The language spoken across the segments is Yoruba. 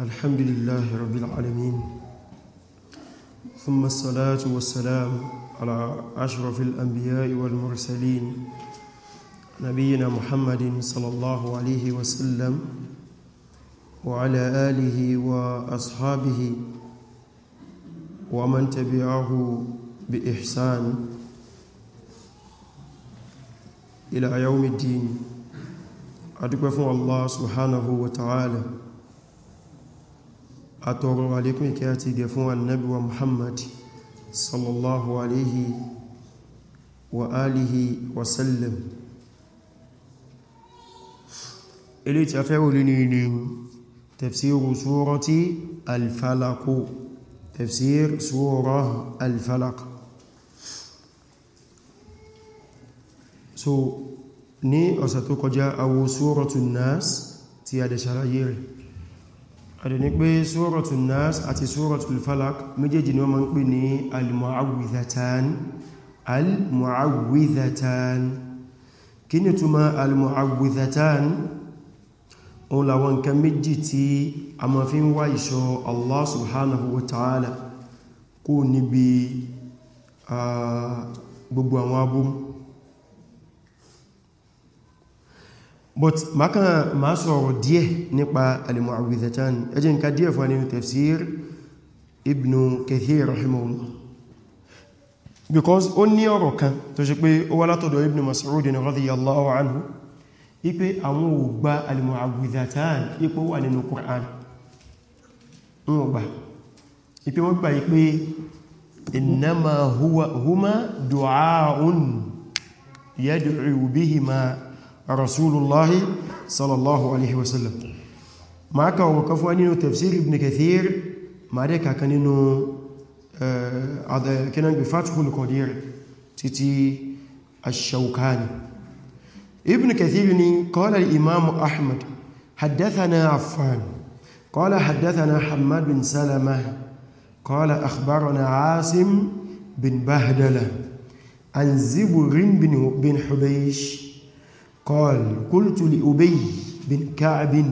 الحمد لله رب العالمين ثم الصلاة والسلام على أشرف الأنبياء والمرسلين نبينا محمد صلى الله عليه وسلم وعلى آله وأصحابه ومن تبعه بإحسان إلى يوم الدين أدقف الله سبحانه وتعالى atọrọ alékún ìkẹ́ àti ìgẹ̀ fún annabiwa muhammad sallallahu alaihi wa alihi wa sallam ilé tí a fẹ́ wòlé ní ilé tafsiru surati al-falaq tafsir sura al so ní ọ̀sẹ̀ tó kọjá awo suratu nas tí a dẹ̀ ṣàlàyé rẹ̀ àdẹni pé sórọ̀tù nas àti sórọ̀tù falak méjèèjì ni wọ́n ma ń pè ní al-mu'awwidhatan al-mu'awwidhatan kí ni túnmà al-mu'awwidhatan òun nǹkan méjì tí a ma fi ń wá ìṣọ́ Allah subhanahu wa ta'ala kó níbi ah, gbogbo àwọn abúrú but makan ma sọ̀rọ̀ díẹ̀ nípa al-mu'awwidhatan ẹ jẹ́ n ka díẹ̀ fún nínú tafsir ibn kathir rahimahullah because ó ní ọ̀rọ̀ kan tó ṣe pé ó wá látọ̀dọ̀ ibn mas'ud radiyallahu anhu ipe àwọn ò gba al-mu'awwidhatan ipò wà nínú Qur'an wọn gbà ipe wọ́n gbà ipe innama huwa huma du'a'un yad'u bihima رسول الله صلى الله عليه وسلم ما كان وقفوا نينو تفسير ابن كثير ما ريكا كان نينو آه، هذا كان بفتح القدير تتي الشوكاني ابن كثير يعني قال الامام احمد حدثنا عفان قال حدثنا حماد بن سلمة قال اخبرنا عاصم بن بهدله عن زبر بن حبيش قال قلت لأبي بن كعب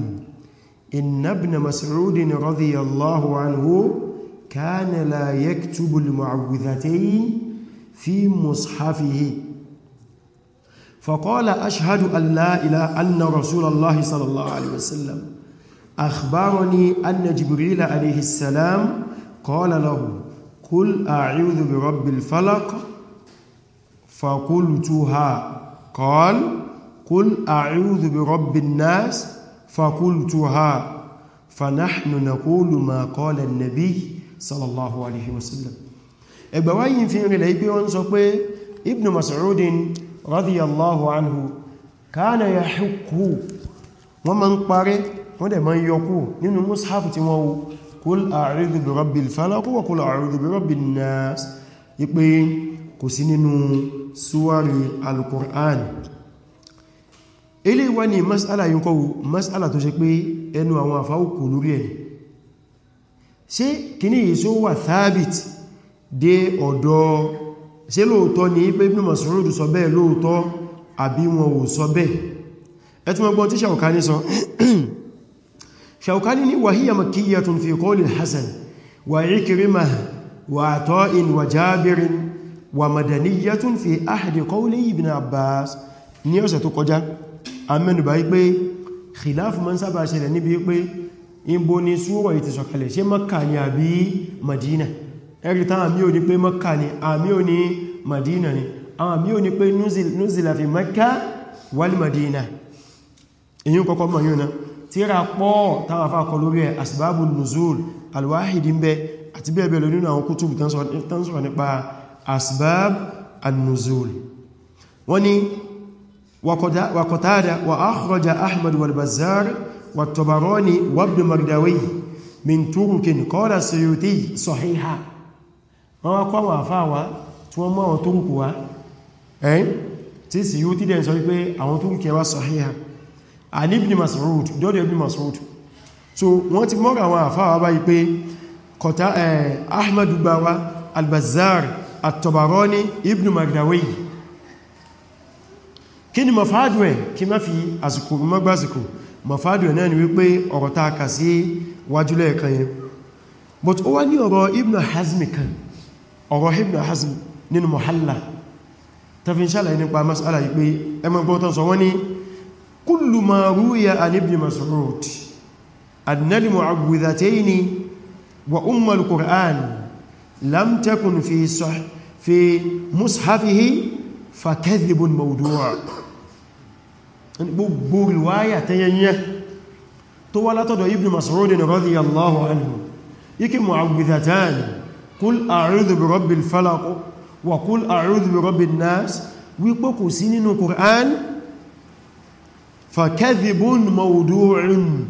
إن ابن مسعود رضي الله عنه كان لا يكتب المعوذتين في مصحفه فقال أشهد أن لا إله أن رسول الله صلى الله عليه وسلم أخبرني أن جبريل عليه السلام قال له قل أعوذ برب الفلق فقلتها قال قل أعوذ برب الناس فقلتها فنحن نقول ما قال النبي صلى الله عليه وسلم ẹgbàwáyìn fi rìnlẹ̀ ipé wọ́n sọ pé ibn mas'udin radiyallahu anhu kana ya hukku wọ́n ma ń parẹ́ wọ́n dẹ̀ ma ń yọkú nínú mushafu tí wọ́n kúl a'udhu bi rabbil falaq wa kúl a'udhu bi rabbin nas ipé kò sí nínú súwárí al-Qur'an eléyìí wá ní mas'ala yìí kọ́wù mas'ala tó ṣe pé ẹnu àwọn àfáwùkù lórí ẹ̀ ṣe kìní yìí só wà thabit dé ọ̀dọ̀ ṣe lóòtọ́ ní pé Ibn Mas'ud sọ bẹ́ẹ̀ lóòtọ́ àbí wọn ò sọ bẹ́ẹ̀ ẹtùmọ̀ gbọ́n tí Shawkani sọ Shawkani ní wàhíyà makiyyatun fi qawli Hasan wa Ikrimah ọ̀sẹ̀ tó kọjá amẹ́nubà wípé khilafu ma ń sábà ṣẹlẹ̀ níbi wípé ìbò ni súrọ̀ ìtì sọ̀kalẹ̀ ṣe Makka ni àbí Madina ẹ̀rìta àmì ò ní pé Makka ni àmì ò ní Madina ni àmì ò ní pé nuzila fi Makka wal Madina èyí kọ́kọ́ mọ̀ yíò na tíra pọ̀ táwọn afá وقتادة وأخرج أحمد والبزار والطبراني وابن مرداوي من ترك قال السيوطي صحيحة wọ́n kọ́ wọ́n àfá wa tí wọ́n mọ́ àwọn Túrùkù wá ẹ́yìn tí sì yíó tí dẹ̀ sọ wípé àwọn Túrùkù wá sọ̀híhá àní Ibn Mas'ud dọ́dọ̀ Ibn Mas'ud so wọ́n ti mọ́ra àwọn àfá wa báyìí pé kọ̀tá Ahmadu gbawa Al-Bazzar At-Tabarani Ibn Magdawi kí ni mafáàdù ẹ̀ kí má fi àsìkò mọ́gbásìkò mafáàdù ẹ̀ náà ni wípé ọ̀rọ̀ ta kà sí wájúlẹ̀ kan yẹn but ó wá ní ọ̀rọ̀ Ibn Hazm kan ọ̀rọ̀ Ibn Hazm nínú Muhalla tafin nípa mas'ala yìí pé ẹmọ fi fakadhibun mawdu' gbogbo riwaya tẹyẹnyẹ tó wá látọ̀dọ̀ ibn mas'udin radiyallahu anhu yíkí mu'awwidhatan kul a'udhu bi rabbil falaq wa kul a'udhu bi rabbin nas wípé kò sí nínú Qur'an fakadhibun mawdu'un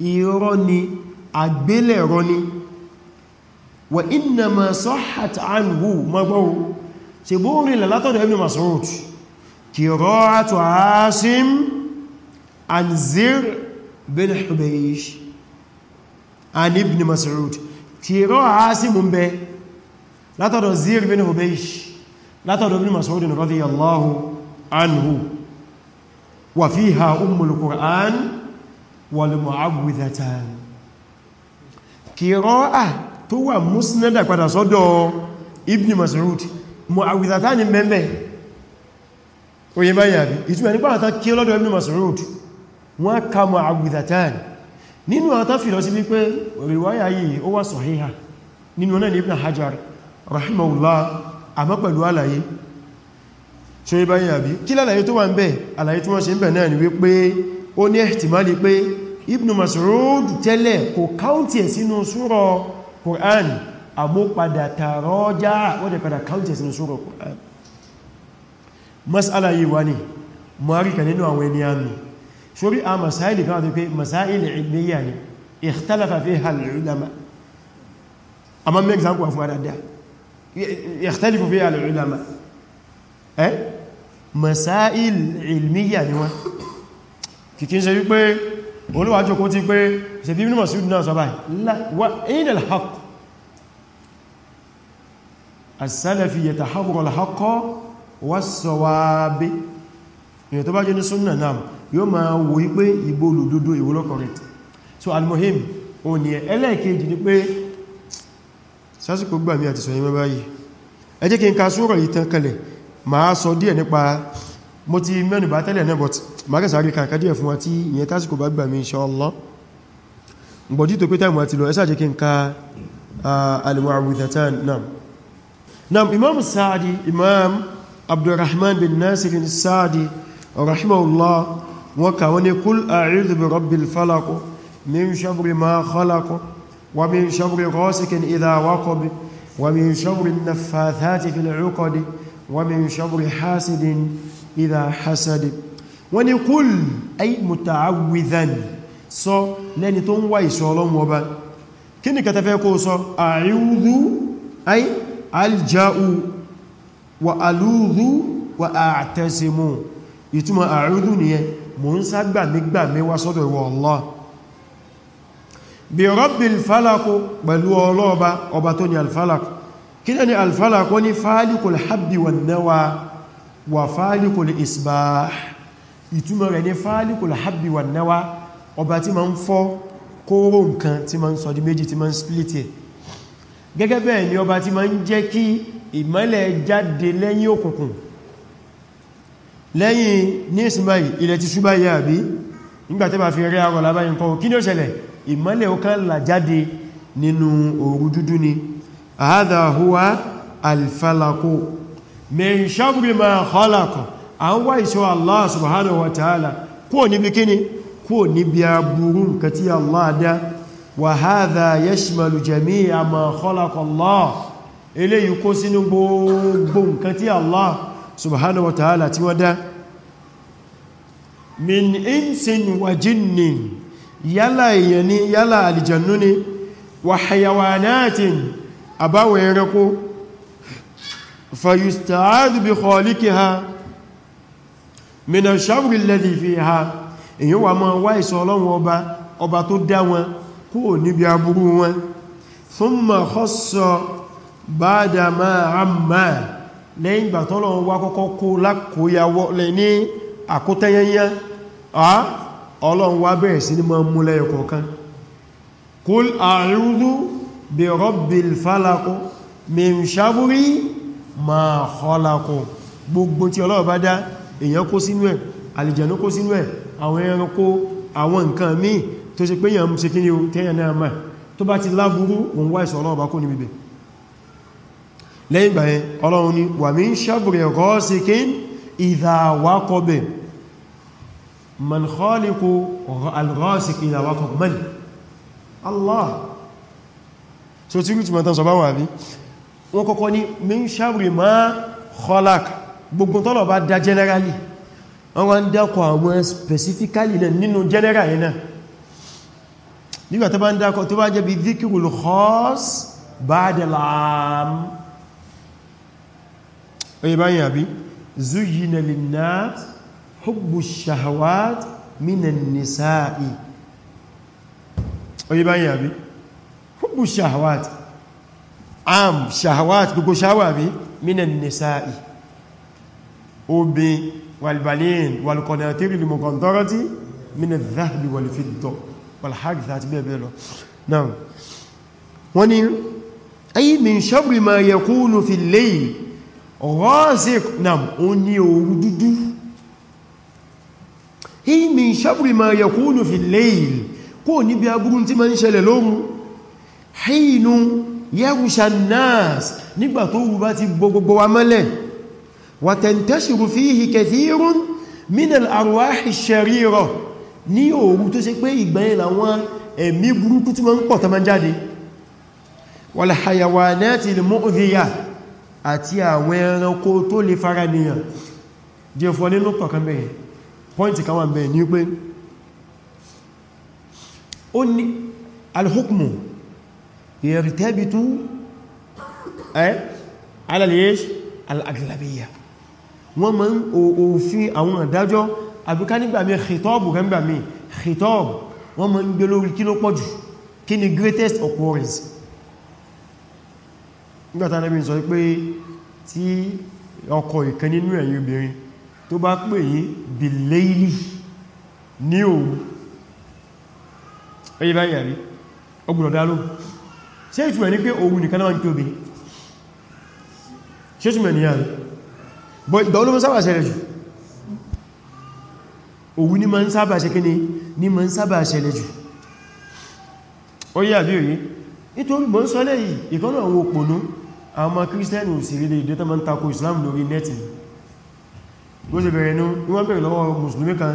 irọ́ ni àgbélẹ̀rọ ni wa innama sahhat anhu magbọ́rù ṣe bóòrin lalátọ̀dọ̀ ibn mas'ud قراءة عاصم عن زر بن حبيش عن ابن مسعود قراءة عاصم به لا ترى زر بن حبيش لا ترى ابن مسعود رضي الله عنه وفيها أم القرآن والمعوذتان قراءة توى مسندة قد صدر ابن مسعود معوذتان من به oye báyìí àbí ìtumẹ̀ nípa àtà kí ọlọ́dọ̀ Ibn Mas'ud wọ́n ká mọ̀ àgbìdàtàn nínú àtà fìlọ sí wípé ríwáyà yìí ó wà sọ̀híhà nínú náà Ibn Hajar rahimahullah àmọ́ pẹ̀lú àlàyé tí ó báyìí àbí kí lálàyé tó wà ń bẹ̀ àlàyé tí wọ́n ṣe ń bẹ̀ náà ni masala yìí wá ní mọ́ríkà nínú àwọn ẹni àmì ṣorí a masáìlì kan àti pé masáìlì ìgbéyà ni ikhtalafa fiha al-ulama a ma mẹ́ example fún àdáadáa ikhtalafa fiha al-ulama eh masáìlì ilmiya ni wọ́n kìkín ṣe wípé olúwàjò kó ti pé ṣe bí mímọ̀ sí náà sọ báyìí wa aina al-haqq as-salafi yataharra al wọ́sọ̀wàábé èyàn tó bá jẹ́ ní súnnà náà yóò máa wò yí pé ìbò olùdúdó ìwòlò correct so almohim o ní ẹlẹ́ẹ̀kejì ni pé sásìkò gbà mí àti sọ̀yìn mẹ́bá yìí ẹ jẹ́ kí n ka súrọ̀ yìí tán kalẹ̀ máa sọ díẹ̀ nípa mo ti mẹ́nu bá tẹ́lẹ̀ náà but máa kẹsà rí kankan díẹ̀ fún wa tí ìyẹn kí n ka ah, al-Mu'awwidhatayn imam Sa'di imam abdurrahman bin nasir al-sadi rahimahullah wọ́n kà wọ́n ní kul a'udhu bi rabbil falaq min sharri ma khalaq wa min sharri ghasikin idha waqab wa min sharri an-naffathati fil 'uqad wa min sharri hasidin idha hasad wọ́n ní kul ay muta'awwidhan sọ lẹ́ni tó ń wá ìṣọ́ ọlọ́run kí ni kẹtẹfẹ́ kó sọ a'udhu ay alja'u wa alúrú wa àtẹ́sìmú ìtumọ̀ àrúdù nìyẹn mò ń ságbàmígbàmí wá sọ́dọ̀ ìwọ̀ Allah bí rọ́bìl fálàkó pẹ̀lú ọlọ́ọba ọba tó ní alfálàkó kí ní alfálàkó ní fálìkùl habbi wà náwà wà fálìkùl isbah ìtumọ̀ rẹ̀ ní fálìkùl habbi wà náwà ọba tí ma ń fọ́ kóró nǹkan tí ma ń sọ di méjì tí ma ń split gẹ́gẹ́ bẹ́ẹ̀ ni ọba tí ma ń jẹ́ kí ìmọ́lẹ̀ jáde lẹ́yìn òkùnkùn lẹ́yìn ní ìsinmáyì ilẹ̀ ti ṣúgbà yà bí nígbàtí bá fi rí arọ̀ lábáyìn kan kí ní ó ṣẹlẹ̀ ìmọ́lẹ̀ ó kàn là jáde nínú òru dúdú ni hadha huwa ma khalaq an wá subhanahu wa ta'ala kúò níbi kíni kúò níbi aburú nǹkan tí وهذا يشمل جميع ما خلق الله eléyìí kó sínú gbogbo nǹkan tí Allah subhanahu wa ta'ala tí wọ́n dá min insin wa jinnin yálà èyàn ni yálà alìjannú ni wa hayawanatin àbáwọ̀ ẹranko fayusta'adu bi khaliqiha min ash kúrò níbi aburú wọn thumma khassa ba'da ma amma lẹ́yìn ìgbà tọ́lọ́run wá kọ́kọ́ kó lákòóyàwó lẹ ní àkótẹ́yẹnyẹ ọlọ́run wá bẹ̀rẹ̀ sí ní máa mú lẹ́yọ kọ̀ọ̀kan kul a'udhu bi rabbil falaq min sharri ma khalaq gbogbo tí ọlọ́run bá dá èèyàn kó sínú ẹ̀ àlìjànú kó sínú ẹ̀ àwọn ẹranko àwọn nǹkan míì tó ṣe pé yàn mú ṣe kí ní o tẹ́yàn náà máa tó bá ti láburú òun wá ìṣọ́ ọlọ́ọ̀bá kó níbi bẹ̀ lẹ́yìn ìgbà yẹn ọlọ́run ni wà mí ń ṣàbùrì ẹ̀kọ́ sí kí ìdàwákọ́bẹ̀ man khaliqu al-ghasiq wọ́n kọ́kọ́ ní mí ń ṣàbùrì ma khalaq nígbà tó bá ń dákọ̀ tó bá jẹ́ bí dhikirul khas ba'dalam oye báyìí àbí zuyyina linnas hubbu shahawat minan nisa'i oye báyìí àbí hubbu shahawat am shahawat gbogbo shahawa bí minan nisa'i obin walbalin walqanatir lil muqantarati min adh والحادثة بيه له نعم وني أي من شر ما يكون في الليل غازق نعم أني أردد أي من شر ما يكون في الليل kó níbi agbúrún tí ma ń ṣẹlẹ̀ lóòrùn hìínú yẹ́rùsà náàs nígbà tó rú bá ti gbogbo wa mọ́lẹ̀ wàtẹ̀ntẹ́ṣìrù fíhì kẹfìírún mínal àrùwáhì ṣẹ̀rírọ̀ ní òru tó ṣe pé ìgbẹ̀yìn làwọn ẹ̀mí burúkú tí wọ́n ń pọ̀ tọ́mọ jáde wal hayawanatil mu'dhiya àti àwọn ẹranko tó lè fara nìyàn jẹ́ fọ́ nínú kọ̀kan bẹ̀rẹ̀ pọ́ìntì kan wà bẹ̀rẹ̀ ní pé ó ní al-hukmu yartabitu òfin àwọn àdájọ́ àbíká nígbàmí khitob gẹ́gbàmí khitob wọ́n mọ́ ń gbé lórí kí ló pọ̀jù kí ni greatest occurrence nígbàtà Ànábì sọ pé tí ọkọ ìkan nínú ẹ̀yin obìnrin tó bá pè yí bìlẹ́ìlì ní òun ẹ̀yẹ báyìí àrí ọgbùnà dáló ṣe ìtumẹ̀ ní pé òun nìkan náà ń pè òwú ní ma ń sábà ṣe kíni ní ma ń sábà ṣẹlẹ̀ jù ó yà bí òyí nítorí mọ́ ń sọ́lẹ̀ yìí ìkọ́nà àwọn òpònú àwọn ọmọ kírísítẹ́nì òsìrí lè dẹ́ta ma ń takò islam lórí nẹ́tì bó ṣe bẹ̀rẹ̀ nú ní wọ́n bẹ̀rẹ̀ lọ́wọ́ mùsùlùmí kan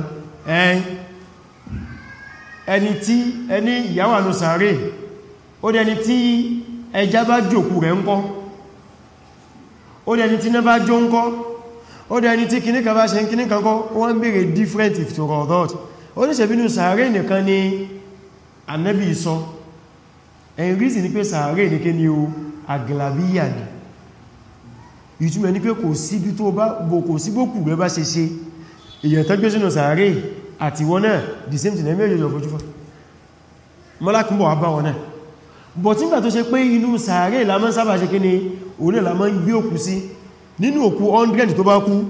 ẹni tí ẹni ìyàwó ànú ó dẹni tí ẹja bá jòkú rẹ̀ ńkọ́ ó dẹni tí iná bá jó ńkọ́ ó dá ẹni tí kìní kan bá ṣe kìní kan kọ́ wọ́n bèèrè different if to rodot ó ní ṣẹ̀bínú sàárè nìkan ni annabi sọ ẹ̀yìn rízi ní pé sàárè nìkan ni o aglabiya ni ìtumẹ̀ ní pé kò síbí tó bá kò sí gbókù rẹ bá ṣe ṣe èyàn tẹ́gbé sínú sàárè àti wọn náà the same nínú òkú 100 tó bá kú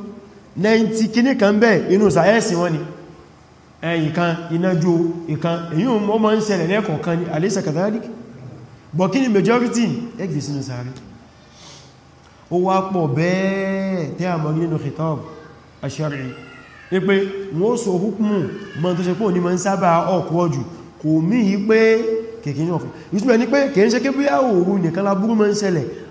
90 kíní kan bẹ́ inú sàyẹ́sì wọn ni ẹ̀yìn kan inájú ìkan èyí o mọ́ ń ṣẹlẹ̀ lẹ́kọ̀ọ̀kan ní alisa catholic bọ̀ kí ni majority ẹgbẹ̀ sínú sàárẹ̀ ó wá pọ̀ bẹ́ẹ̀ tẹ́ àmọ́ nínú khitab ash-shar'i ní pé wọ́n sọ hukmu mọ́ tó ṣe pọ̀ ní mọ́ ń sábà ọkọ̀ ọjù kò mí pé kèkè ní ọ̀fẹ́ ìtumẹ̀ ní pé kèkè ń ṣe kébíyàwó òru nìkan lábúrú mọ́ ń ṣẹlẹ̀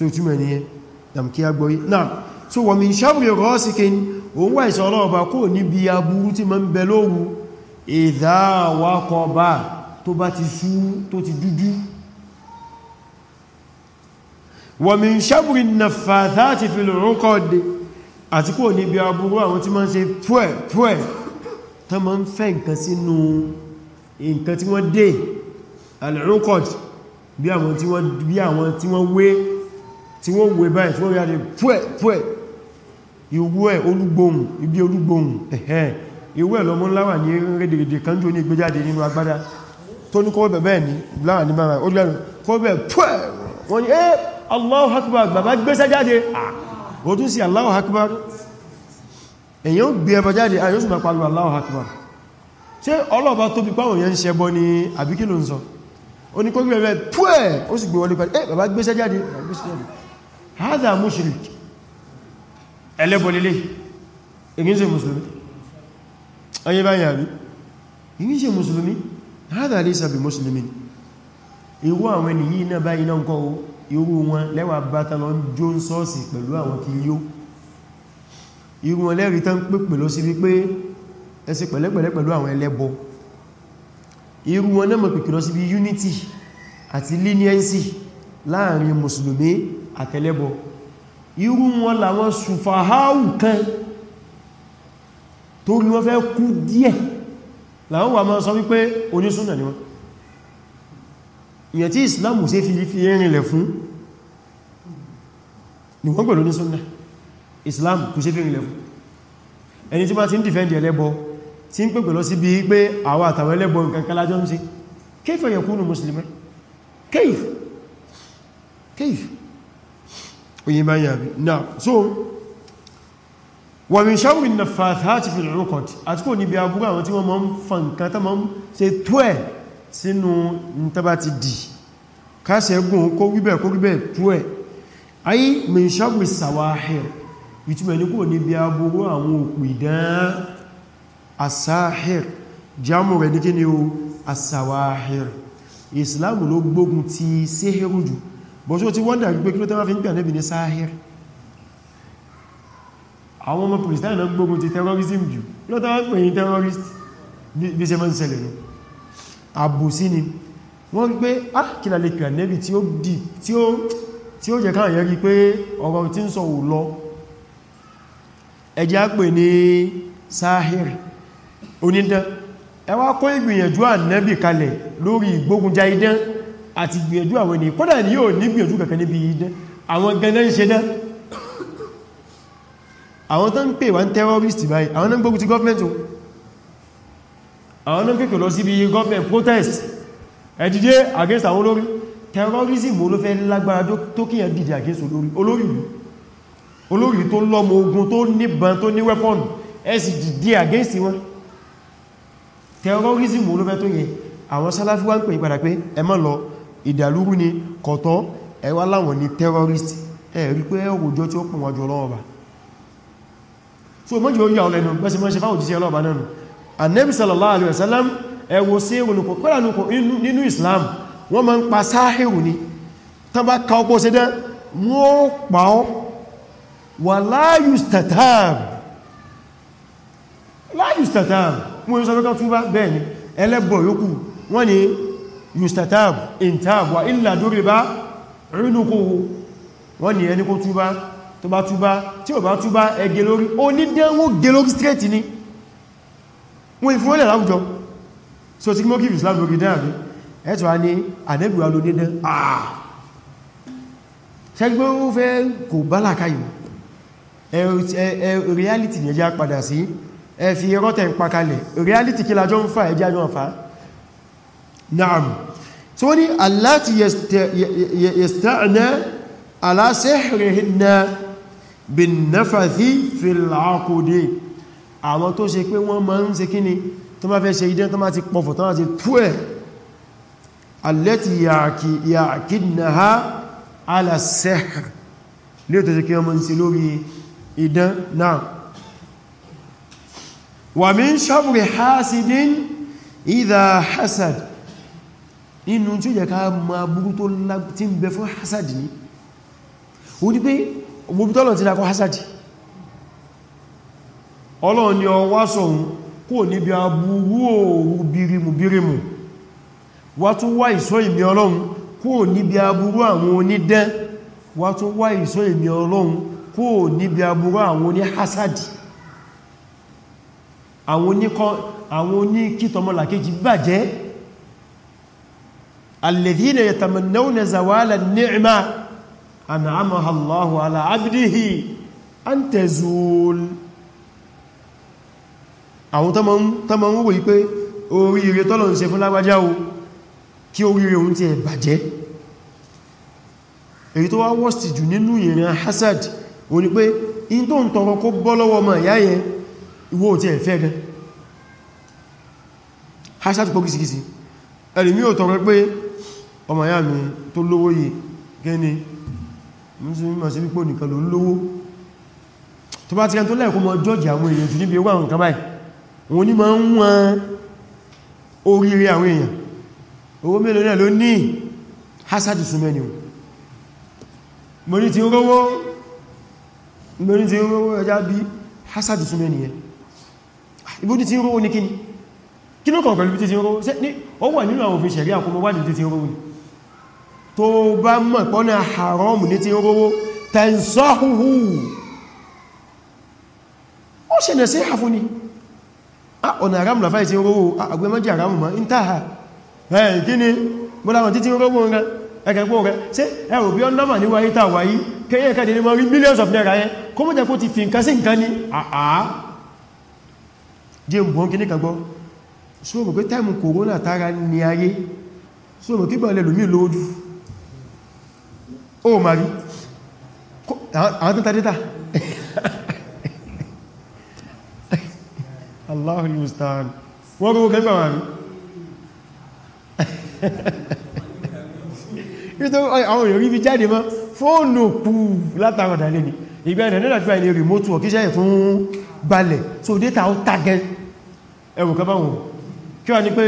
so túnmọ̀ ní ẹ dàmkí agbóyí náà so wà mí sábúrí rọ́síkin òun wà ìsọ ọlọ́ọ̀bá kò níbi aburú tí ma ń bẹ lóòrù ìdáwakọba tó bá ti sú tó ti dúdú wà mí sábúrí nàfàtà ti fi lòrókọ́dé àti kò níbi aburú àwọn tí ma ń ṣe púẹ̀ púẹ̀ tó ma ń fẹ́ nǹkan sínú nǹkan tí wọ́n dé alìrókọ́d bí àwọn tí wọ́n wé tí wọ́n wé báyìí tí wọ́n yáde púẹ̀ púẹ̀ ìwú ẹ̀ olúgbóhùn ibi olúgbóhùn ẹ̀hẹ́ ìwú ẹ̀ lọmọ láwà ní rédèrèdè kan jò ní ìgbéjáde nínú agbádá tó ní kọ́wọ́bẹ̀ bẹ́ẹ̀ ní láwà ní mara eh Allahu Akbar bàbá gbéṣẹ́ jáde ó tún Allahu Akbar èyàn gbé ẹbọ jáde àyọ́sù máa Allahu Akbar ṣé ọlọ́ọ̀bá tó bí páwọn yẹn ń ṣẹbọ ni àbíkí ló ń sọ oníkógbé rẹ̀ púẹ̀ ó sì gbé wọlé pàdé eh bàbá gbéṣẹ́ jáde hadha mushrik ẹlẹ́bọ̀lélé èmi ṣe musulmi ọyẹ báyìí àrí èmi ṣe musulmi hadha laysa bi muslimin irú àwọn ènìyàn náà báyìí náà kọ́ irú wọn lẹ́wà bátà lọ jó ń sọ́ọ̀sì pẹ̀lú àwọn kìlíó irú wọn lẹ́rìí tán pèpè lọ sí wípé ẹsẹ pẹ̀lẹ́pẹ̀lẹ́ pẹ̀lú àwọn elebo irú wọn náà mọ̀ pèpè lọ sí bí unity àti leniency láàrin musulmi àtẹ́lẹ́bọ irú wọn làwọn sùfàháù kan tó rí wọ́n fẹ́ kú díẹ̀ làwọn wà máa sọ wípé onísúnà ni wọ́n ìyẹ̀ tí islamu ṣe fi fi rinlẹ̀ fún ni wọ́n pẹ̀lú onísúnà islam kò ṣe fi rinlẹ̀ fún ẹni tí bá ti ń dìfẹ́ndì ẹlẹ́bọ tí ń pè pẹ̀lọ sí bí pé àwọn àtàwọn ẹlẹ́bọ nǹkan kalájọ́ ń sí kéfẹ̀yẹ̀kúnù mùsùlùmí kéfẹ̀ kéfẹ̀ oyin bá yàbí náà so wà ní ṣáwì na fàtàtì fi lọ́kọ̀t àti kò níbi agbúrú àwọn tí wọ́n mọ́ ń fa nǹkan tó mọ́ ń ṣe tó ẹ̀ sínú ntaba ti dì káṣẹ gùn kó wíbẹ̀ kó wíbẹ̀ tó ẹ̀ ayé mi ṣáwì sàwáhìr ìtumẹ̀ ní kò níbi agbúrú àwọn òkú ìdán asáhìr jámù rẹ̀ ní kí ni o asáwáhìr ìsìláàmù ló gbógun ti séhìrù bó ṣó ti wọ́ndà gbé kí ló tẹ́wàá fi ń pè ànẹ́bì ní sáhìr àwọn ọmọ kìrìsìtánì náà gbógun ti terrorism jù ló tẹ́wàá pè ní terrorist bí ṣe mọ́n ṣẹlẹ̀ ní àbòsí ni wọ́n rí pé ákìlà ah, lè pè ànẹ́bì tí ó jẹ káàyẹ́ rí pé ọ̀rọ̀ tí ń sọ ò lọ ẹjẹ́ á pè ní sáhìr onídán ẹwà kó ìgbìyànjú ànẹ́bì àti gbìyànjú àwọn ènìyàn kódà ní yóò ní gbìyànjú kankan níbi idán àwọn gẹ́gẹ́ ń ṣe dán àwọn tó ń pè wá ń terrorist báyìí àwọn náà gbógun ti gọ́ọ̀mẹ́ntì àwọn náà kèkè lọ sí ibi gọ́ọ̀mẹ́ntì protest ẹ̀dìdé against àwọn olórí terrorism ló fẹ́ lágbára tó against olórí ìlú olórí tó lọ́mọ ogun tó níbọn tó ní weapon ẹ̀sì dìde against wọn terrorism ló fẹ́ tó yẹ àwọn sáláfí wá ń pè padà pé ẹ má lọ ìdàlúrú ni kọ̀tọ́ ẹwà láwọn ni terrorist ẹ̀rí pé ẹwòjọ́ tí ó pùn wájú ọlọ́ọ̀bà so mọ́jú orí àwọn ẹnu bẹ́sí mọ́ṣe fáwọn òjíṣẹ́ ọlọ́ọ̀bà náà annabi sallallahu alaihi wasallam ẹwò sí ìrùnukọ̀ kọ́lánukọ̀ nínú islam wọ́n ma ń pa sáhìrù ni tán bá ka ọpọ̀ sí dẹ́ wọ́n pa ọ́ wà láyùstàtàm láyùstàtàm wọ́n yóò sọ yustatab intab wa illa duriba unuquhu wọ́n ní ẹni kó túbá tó ba, túbá tí ò bá túbá ẹgẹ lórí ó ní dẹ́wọ́ gẹ lórí straight ni wọ́n ìfúnlẹ̀ láwùjọ so tí kí mọ́ kí islam lórí dáàbí ẹ̀tọ́ a ní àdẹ́bùwà ló dédé àà ṣẹ́gbẹ́ ó fẹ́ kò bá làkáyì reality ni ẹjá padà sí ẹ fi rọ́tẹ̀ ń pakalẹ̀ reality kí lájọ́ ń fa ẹjá jọ ń fa na'am so wani allati yasta'na ala sihrihinna bin nafathi fil aqdi àwọn tó ṣe pé wọ́n máa ń ṣe kíni tó máa fẹ́ ṣe idán tó máa ti pọ̀fọ̀ tó máa ti tú ẹ̀ allati ya'kidnaha ala sihr ní ò tó ṣe kí wọ́n máa ń ṣe wa min sharri hasidin idha hasad nínú tí ó jẹ́ ká ma burú tó tí ń bẹ fún hasadi ní ó ní pé gbogbo tọ́lọ̀ ti dákọ́ hasadi ọlọ́run ni ọwá sọ̀hún kò níbi aburú òòrùn birimu birimu wá tún wá ìṣọ́ ìmì ọlọ́run kò níbi aburú àwọn onídẹ́ wá tún wá ìṣọ́ الذين يتمنون زوال النعمة أنعمها الله على عبده أن تزول àwọn tọ́mọ̀ ń wò wípé oríire tọ́lọ̀ ń ṣe fún lágbàjá o kí oríire oun ti ẹ̀ bàjẹ́ èyí tó wá wọ́stì jù nínú ìrìn hasad o ní pé in tó ń tọrọ kó bọ́ lọ́wọ́ ma ìyá yẹn ìwọ ò ti ẹ̀ fẹ́ gan hasad pọ̀ kìsìkìsì ẹ̀rì mí ò tọrọ pé ọmọ ya mi tó lówó yìí gẹ́ni mùsùlùmí sí wípò nìkan ló lówó tó bá ti rẹ̀ tó lẹ́ẹ̀kọ́ mọ́ jọ́jì àwọn èèyàn jù níbi owó àwọn kan báyìí wọn ní ma ń wọn oríire àwọn èèyàn owó mélòó náà ló ní hasadi sumeni mo ní ti rówó mo ní ti rówó ẹjá bí hasadi sumeni yẹn ibú ti rówó ní kíni nínú àwọn òfin ṣẹ̀rí àkọmọ́wádìí ti rówó ni tó bá mọ̀ pọ́nà haram ní ti rówó tansahuhu ó ṣe nẹ̀ sí àfún ni ọ̀nà haram lafáì ti rówó agbẹ́mọ́jì haram ma ń táà ẹ̀ kí ni mọ́láwọn títí rówó rẹ̀ ẹgbẹ̀gbọ́ rẹ̀ ṣe ẹ̀rù bí ọlọ́mà ní wáyé tàà wáyé kẹ́yẹ̀ kẹ́dẹ̀ millions of naira yẹn kó mọ́ jẹ́ kó ti fi nǹkan sí nǹkan ní àà jẹ́ mbọ̀n kí ní kagbọ́ sóòmù pé táìmù corona tara ní ayé sóòmù kí lẹ́lùmí lóòdù ó ma rí àwọn tó tàdítà Allahu al-musta'an wọ́n rú kẹgbà wà rí nítorí àwọn èèyàn rí bí jáde mọ́ fóònù kú látàrọ̀ dalé ni ìgbà ìrìn náà tíwà ilé remote work iṣẹ́ fún balẹ̀ so data ó tagẹ́ ẹwù kẹbàwọn kí wà ní pé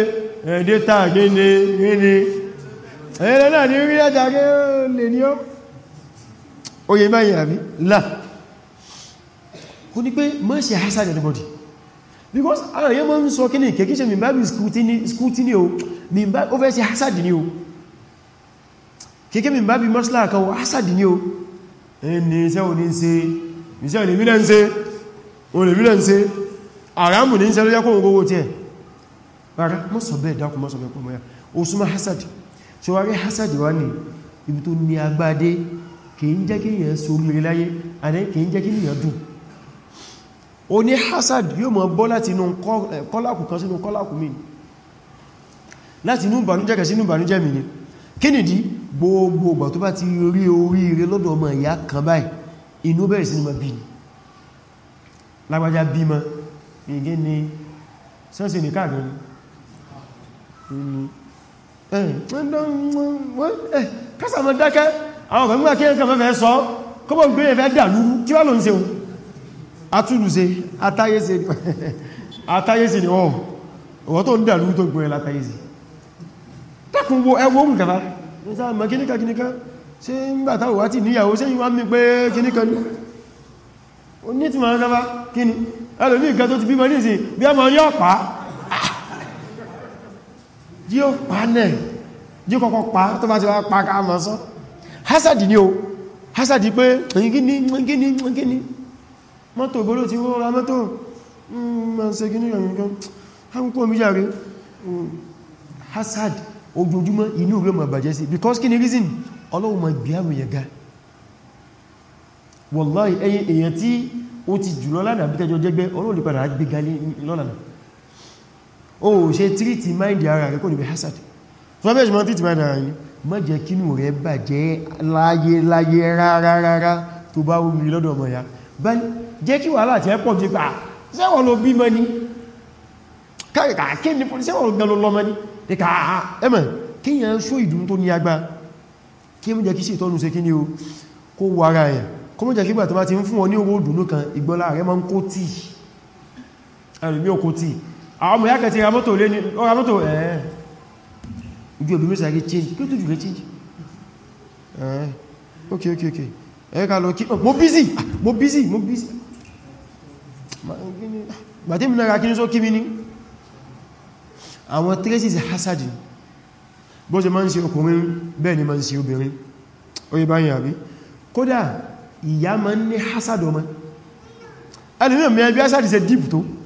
data gbé ní ẹ̀rẹ́ náà ni orí ẹjàrí lè ní ó oye báyìí àbí láà ó ní pé mọ́ sí hassan anybody because àwọn èèyàn mọ́ ń sọ kí ní kèkíṣẹ́ mìíbábí skútíní o ó fẹ́ sí hassan ní o kèké mìíbábí mọ́sílá kan hassan ní o ẹni iṣẹ́ ò ní ṣe iṣẹ́ ò lè mílẹ̀ ń ṣe ò lè mílẹ̀ ń ṣe àrámù ní iṣẹ́ ló yẹ kó gbogbo tí ẹ̀ rárá mọ́sọ̀bẹ̀ dákùn ṣọwárí hasad wá ní ibi tó ní agbádé kìí jẹ́ kí èyàn sórí láyé àdé kìí jẹ́ kí èyàn dùn o ní hasad yóò mọ̀ bọ́ láti inú kọ́lákù kan sínú kọ́lákù mi láti inú ìbànújẹ́ kan sínú ìbànújẹ́ mi ni kí nìdí gbogbo ìgbà tó bá ti rí oríire lọ́dọ̀ ọmọ ìyá kan báyìí inú bẹ̀rẹ̀ sí ni mọ̀ bí ni lágbàjá bímọ ìgé ni sẹ́sìn ní káàkiri kásàmọ́ dákẹ́ àwọn ọ̀gbọ̀n gbà kí ẹ̀kẹ́ fẹ́fẹ́ sọ kọ́bọ̀ gbé ẹ̀fẹ́ dà lúrú kí wá ló ń ṣe ohun atúlùse atáyése ni wọ́n ọ̀wọ́ tó ń dà lúrú tó gbé látáyése dákùn wo ẹwọ́ ohun kẹfà mọ́ kíníkà kíníkà ṣe ń gbà táwọ̀ wá tí níyàwó ṣe yíwá mi pé kíníkà ní onítìmọ̀ ẹlòmí ìgbà tó ti bímọ ní ìsìn bí a mọ̀ jí ó pa náà jí kọ́kọ́ pa tó bá ti wá pa ká mọ́ sán hasadi ni o hasadi pé gíní gíní gíní mọ́tò gbọ́lọ́ ti wọ́n ra mọ́tò ma ń se gíní hasad ojoojúmọ́ inú rẹ̀ ma bàjẹ́ sí because kí ni reason ọlọ́wọ́ ma gbé àrùn yẹ̀ ga wallahi èyàn tí ó ti jùlọ lánàá bí tẹjọ jẹ́gbẹ́ ọlọ́wọ́ lè o ṣe tírítì máìndì ara rẹ̀ kò ní bí hasad fọ́bẹ̀ṣì mọ́ tírítì máìndì ara yìí má jẹ́ kínú rẹ̀ bàjẹ́ láyé láyé rárára tó bá wúrí lọ́dọ̀ ọmọ ya jẹ́ kí wàhálà ti ẹ́pọ̀ jẹ́ pà sẹ́wọ̀n ah, ló bí mọ́ ní káàkà kí ní sẹ́wọ̀n ló gẹ́lọ lọ́mọ́ ní díkà ah, ẹmọ̀ kí yẹn só ìdùn tó ní agbá kí mú jẹ́ kí sí ìtọ́nu ṣe kí ni o kó fún wọn ní owó ìdùnú kan ìgbọ́lá rẹ̀ máa ń kó tíì àwọn ọmọ yákẹ̀ ti ra mọ́tò lé ní ọra mọ́tò ẹ̀ẹ́ ojú òbí mẹ́sàrí change kí ó tó jù change ẹ̀ẹ́ ok ok ok ẹ̀ẹ́ka lọ kí mo busy mo busy mo busy gbàtí mi nára kí ní só kí mi ní àwọn traces hasadi bó ṣe máa ń ṣe ọkùnrin bẹ́ẹ̀ ni máa ń ṣe obìnrin oye báyìí àbí kódà ìyá máa ń ní hasad ọmọ ẹlùmí ọmọ ẹbí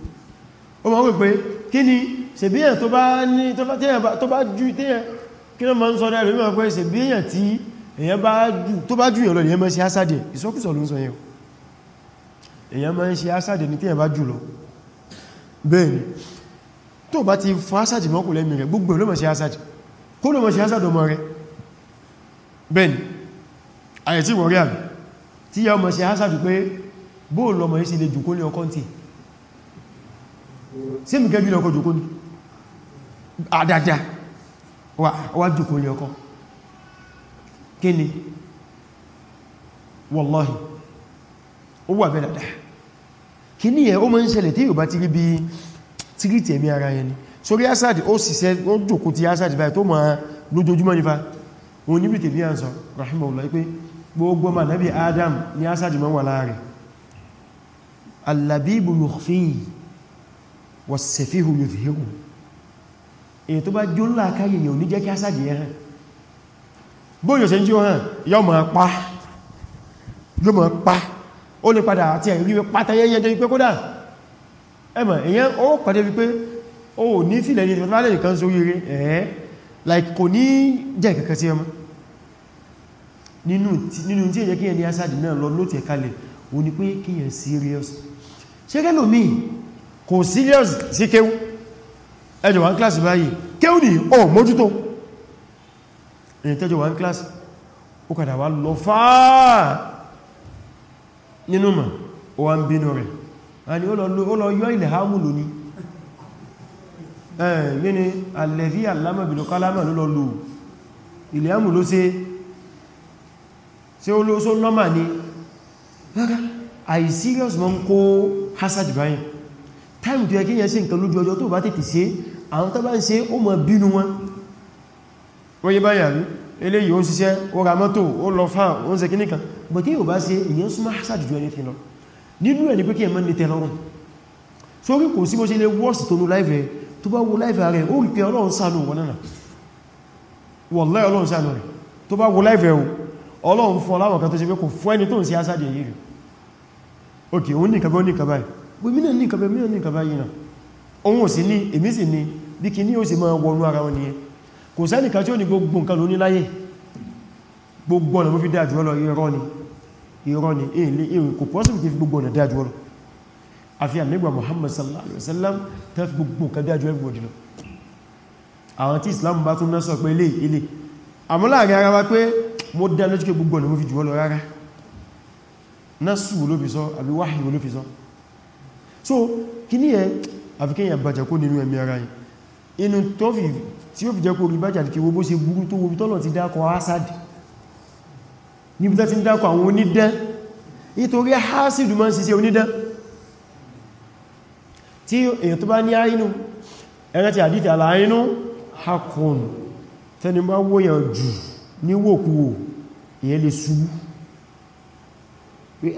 ó ma ń pè kí ni ṣèbíyàn tó bá ní tó bá jù téyàn kí ló ma ń sọ dáadọ́ mímọ̀ pé ṣèbíyàn tí èyàn bá jù tó bá jù yàn lọ èyàn ma ń ṣe ásádẹ̀ ìsọkúsọ ló ń sọ yẹn èyàn ma ń ṣe ásádẹ̀ ní téyàn bá jù lọ bẹ́ẹ̀ni tó bá ti fún ásádẹ̀ mọ́kù lẹ́mì rẹ̀ gbogbo ló ma ṣe ásádẹ̀ kó ló ma ṣe ásádẹ̀ ọmọ rẹ̀ bẹ́ẹ̀ni àyẹ̀tí wọ̀rí àmì tí yà ọmọ ṣe ásádẹ̀ pé bóòlù ọmọ yìí sí le jù kó ní ọkọ́ tí sí mi gẹ́gí lọ́kọ́ jùkú ní àdàdà wà jùkú ní ọkọ́ kí ni wallahi ó wà bẹ́ dàdà kí ní ẹ̀ ó mọ́ ń ṣẹlẹ̀ tí yóò bá ti rí bí tíríti ẹ̀mí ara ẹni sórí Asad ó síṣẹ́ ó jùkú ti Asad báyìí tó ma lójoojúmọ́ nífà wọn níbi tèbí à rahimahullah pé gbogbo ma nabi Adam ni Asad mọ́ wà láàrin allabibu yukhfihi wọ̀sẹ̀fíhù yòzìhìhù èyí tó bá jó ńlá káyì ni ò ní jẹ́ kí ásàdì ẹ̀ hàn bóyọ̀ sí ń jí ó hàn yọ́ mọ̀ pa yọ́ mọ̀ pa ó lè padà àti ẹ̀rí pátá yẹ́yẹ́ dé wípé kódà ẹmọ̀ èyàn ó pàdé wípé ó ní sílẹ̀ ní ìfẹ́fẹ́lẹ́ nìkan sórí rẹ̀ ẹ̀ẹ́ like kò ní jẹ́ kẹ́kẹ́ sí ẹmọ nínú tí èyẹ kí ẹni ásàdì náà lọ lóòtẹ̀ kalẹ̀ ó ní pé kíyàn serious ṣe rẹ́lòmíì kò serious sí kéwú ẹjọ wà ní kíláàsì báyìí kéwú ní ọ mójútó ẹni tẹ́jọ wà ní kíláàsì ó kàdà wà lọ fáà nínú mà ó wà ń bínú rẹ̀ àni ó lọ yọ ilẹ̀ hàmù lónìí ẹ̀yẹ́ ni alẹ́rí alámọ̀bìnú kálámà ló lọ lò ilẹ̀ hàmù ló ṣe ṣe ó lọ́mà ní time tó yẹ kí yẹn ṣe nǹkan lójú ọjọ́ tó bá tètè ṣe àwọn tó bá ń ṣe ó mọ̀ bínú wọn wọ́n yẹ báyà rí eléyìí ó ṣiṣẹ́ ó ra mọ́tò ó lọ fáà ó ń ṣe kí nìkan bọ̀ tí yóò bá ṣe èyàn súnmọ́ hasard ju ẹni fìnà nínú ẹni pé kí ẹ mọ́ ní tẹ́lọ́rùn sórí kò sí mo ṣe lè wọ́ọ̀sì tó ní láìfẹ́ tó bá wo láìfẹ́ rẹ̀ ó rí pé ọlọ́run ṣàánú wọn náà wallahi ọlọ́run ṣàánú rẹ̀ tó bá wo láìfẹ́ o ọlọ́run fún ọláwọ̀ kan tó ṣe pé kò fún ẹni tó ń ṣe hasard yìí rí òkè òun nìkan bẹ́ ó nìkan báyìí wèmínà ní ìkàbẹ̀ mìíràn ní ìkàbẹ̀ yìí náà ohun ò sí ní èmi sì ní bí kí ní ó sì máa wọnú ara wọn nìyẹn kò sẹ́nìkan tí ó ní gbogbo nǹkan lóní láyé gbogbo ọ̀nà mú fi dájú ọlọ ni irọ́ ni Muhammad sallallahu alaihi wasallam tẹ́ fi gbogbo nǹkan dájú everybody Islam bá tún lọ́sọ̀ pé ilé ilé àmọ́ láàrin ara wa pé mo dá lójú pé gbogbo ọ̀nà mú fi jù àbí wáhì ló so kí ní ẹ àfikẹ́yàn bàjẹ́ kó nínú ẹ̀mí ara yìí inú tọ́fì tí ó fi jẹ́ kó rí bàjẹ́ àti kíwó bó ṣe burú tó wo tọ́lọ̀ ti dákọ̀ hasad níbi tẹ́ ti dákọ̀ àwọn onídán nítorí hasad ma ń ṣiṣẹ́ onídán tí èyàn tó bá ní àínú ẹ̀rẹ́ ti àdíta àlàáínú hakun tẹni bá wóyàn jù ní wòkúwò lè ṣubú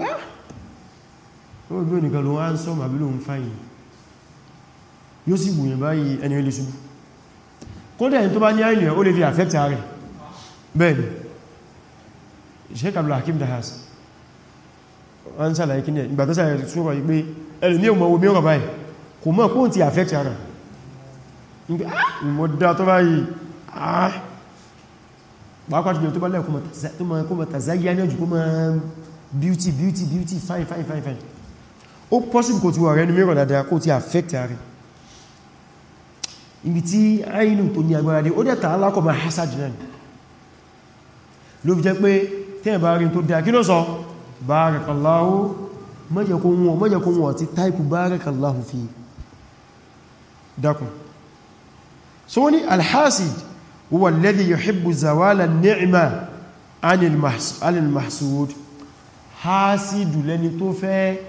ah, wọ́n bí oníkan ló wọ́n sọ́mà bí ló ń fáyìn yóò sì wùyàn báyìí ẹni ilé ṣubú kódà ẹni tó bá ní àìlẹ̀ ó lè fi affect rẹ̀ bẹ́ẹ̀ni Sheikh Abdul Hakim Dahas wọ́n sàlàyé kí ní ìgbà tó sàlàyé ṣúrọ̀ yìí pé ẹni ah, ah. ní ọmọ beauty beauty beauty fine fine fine fine ó possible kò ti wà rẹ̀ ní mìíràn dáadáa kó ti affect rẹ̀ ibi tí àìnù tó ní agbára dé ó dẹ̀ tàà lákọ̀ ma hasad náà ló fi jẹ́ pé tẹ́yìn bá rí tó dáa kí ló sọ bárakallahu mẹ́jẹ̀kún wọn ti táìpù bárakallahu fi dákùn so ní alhassid anil mahsud hasidu lẹni tó fẹ́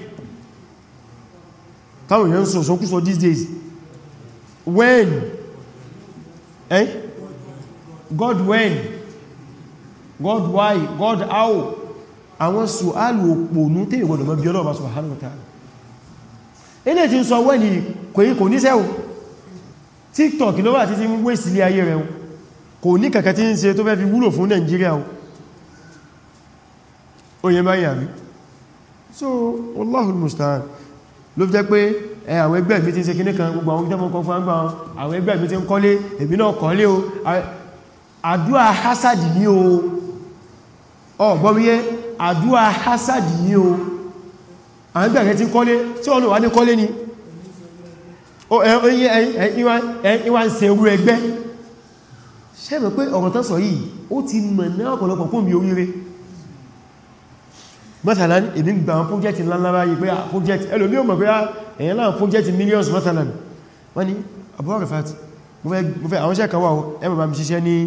táwọn èèyàn sọ sọ kúsọ these days when eh God when God why God how àwọn sùálù òpònú tí ìwọ̀n mọ́ bí ọlọ́ọ̀bá subhanahu wa ta'ala ilé tí ń sọ wẹ́ni kò ní sẹ́wọ̀ tiktok ló wà títí ń wé sílé ayé rẹ̀ kò ní kẹ̀kẹ́ tí ń ṣe tó fẹ́ fi wúlò fún Nàìjíríà o yẹ báyìí àbí so wallahul musta'an ló fi jẹ́ pé àwọn ẹgbẹ́ mi ti ń ṣe kinní kan gbogbo àwọn ìjọmọ́ kan fún àgbà àwọn ẹgbẹ́ mi ti ń kọ́lé èmi náà kọ́lé o àdúwà hasadi ní o ọgbọ́míyé àdúwà hasadi ní o àwọn ẹgbẹ́ rẹ ti ń kọ́lé tí wọ́n wà ní kọ́lé ni ìwà ń ṣe orú ẹgbẹ́ ṣẹ́mẹ̀ pé ọ̀rọ̀ tán sọ yìí ó ti mọ̀ ní ọ̀pọ̀lọpọ̀ kún mi oríire mathalan ibi gba àwọn project ńláńlára yìí pé à ah, project ẹlòmí o mọ̀ pé èyàn ah, láàrín project millions mathalan wọ́n ni Abu Rifat mo fẹ́ àwọn iṣẹ́ kan wà ó ẹ bàbá mi ṣiṣẹ́ ní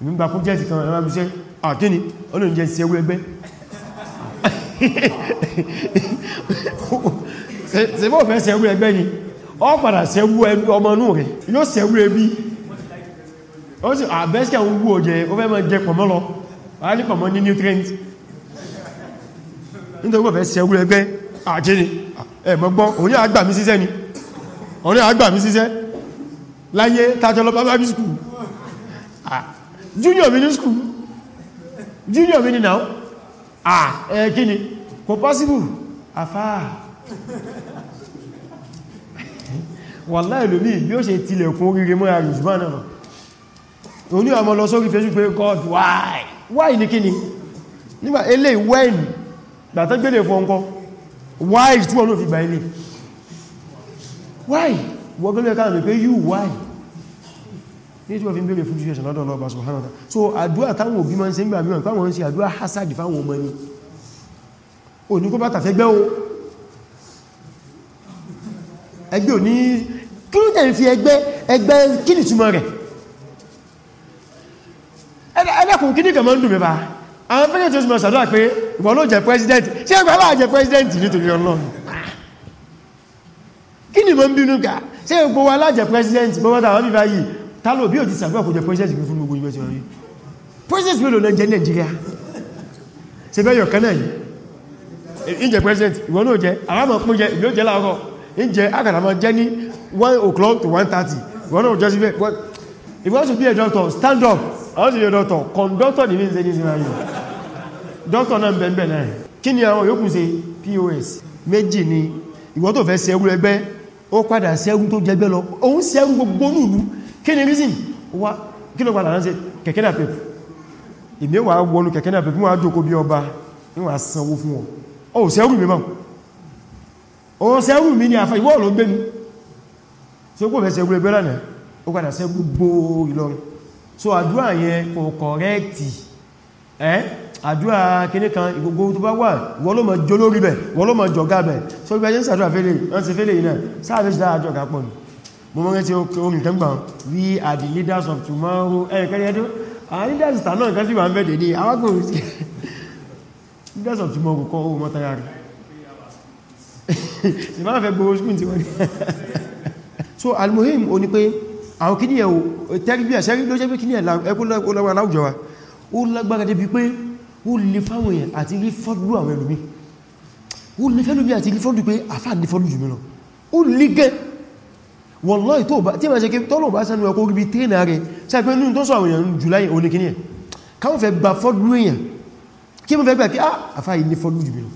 ibi gba project kan ẹ bàbá mi ṣiṣẹ́ àkíní olóòjẹ́ ṣiṣẹ́ ewé ẹgbẹ́ ṣe mọ́ fẹ́ ṣẹ́wú ẹgbẹ́ ni ọ padà ṣẹ́wú ọmọ inú rẹ̀ yóò ṣẹ́wú ẹbí ah, nutrients nítorí wọ́n fẹ́ ṣe ẹwú junior mini school junior mini now ah ẹ kíni kò possible afá wallahi lómi bí ó ṣe tilẹ̀kùn oríire mọ́ àrùsùgbọ́n náà òun ní ọmọ lọ sórí Facebook pé God why why ní kíni nígbà eléyìí when bàtà gbélé fún ọkọ́ why tí wọ́n ló fi gbà ilé why wọ́n gẹ́lẹ́ káà lè pé you why ní tí wọ́n fi ń bèèrè fún jíṣẹ́ lọ́dọ̀ lọ́ba subhanahu so àdúrà táwọn òbí máa ń ṣe ń gbà mìíràn pàwọn ń ṣe àdúrà hasadi fáwọn ọmọ ni ò ní kó bá tàfẹ́ gbẹ́ o ẹgbẹ́ ò ní kí ní tẹ̀ fi ẹgbẹ́ ẹgbẹ́ kí ní túmọ̀ rẹ̀ ẹ̀dàkùn kí ní kẹ̀ mọ́ ń dùn mẹ́bàá àwọn pẹ́lẹ̀ tí ó sì mọ̀ sàdúrà pé ìwọ ló jẹ́ president ṣe ẹgbẹ́ aláà jẹ́ president nítorí ọlọ́run kí ni mọ́ ń bínú ká ṣe gbogbo wa aláà jẹ́ president mọ́mọ́ta àwọn bíbá yìí tálò bí ò ti sàgbà kò jẹ́ president fún gbogbo ìwé ti wọ́n president mélòó náà jẹ́ Nàìjíríà ṣe bẹ́yọ̀ kan náà yìí ìjẹ́ president ìwọ náà jẹ́ àrámọ̀ pín jẹ́ ìlú jẹ́ láàárọ̀ ìjẹ́ àgàdàmọ́ jẹ́ ní 1 o'clock to 1:30 ìwọ náà jẹ́ síbẹ̀ if you want be a doctor stand up i want be a doctor conductor means anything dókítà náà bẹ̀ẹ̀bẹ̀ náà kí ni àwọn yòókù ṣe pos méjì ni ìwọ tó fẹ́ ṣẹ́gun ẹgbẹ́ ó padà ṣẹ́gun tó jẹgbẹ́ lọ òun ṣẹ́gun gbogbo nùlú kí ni reason wá kí ló padà ránṣẹ́ kẹ̀kẹ́ náà pẹ̀pù ìmé wà wọnú kẹ̀kẹ́ náà pẹ̀pù wọ́n á jókòó bí ọba ní wà sanwó fún wọn ó ṣẹ́rù mi máa ó ṣẹ́rù so àdúrà yẹn kò kọ̀rẹ́ẹ̀tì ẹ́ àdúrà kìní kan ìgbogbo tó bá wà wọ́n ló mọ̀ jọ lórí bẹ̀ wọ́n ló mọ̀ so gbẹ́ jẹ́ sàdúrà fẹ́lẹ̀ wọ́n ti fẹ́lẹ̀ iná sáàfẹ́ sí àjọ kàpọ̀ ní mo mọ́ rẹ́tí orin kan we are the leaders of tomorrow ẹ̀kẹ́rẹ́ ẹdún àwọn leaders ta náà kan sí wà ń bẹ̀dẹ̀ ní of tomorrow kọ́ owó mọ́tara rẹ̀ sì máa fẹ́ gbogbo so almuhim o ni pé àwọn kíníyàn tẹ́rí bí ẹ̀ṣẹ́rí ló jẹ́ pé kíníyàn ẹkùn lọ́wọ́ aláwùjọ wa ó lágbára débi pé ó lè fáwọn èèyàn àti rí fọ́dú àwọn ẹlòmí ó lè fẹ́lòmí àti rí fọ́dú pé àfáà ní fọ́dú jùmí lọ ó lè gẹ́ wallahi tí ma ṣe kí tọ́lọ̀ bá sánú ẹkọ́ ríbi tẹ́nà rẹ̀ sáàpẹ́ nínú tó sọ àwọn èèyàn jù láyé òní kíní ẹ̀ káwọn fẹ́ gba fọ́dú èèyàn kí mo fẹ́ gbà kí á ah, àfáà ní fọ́dú jùmí lọ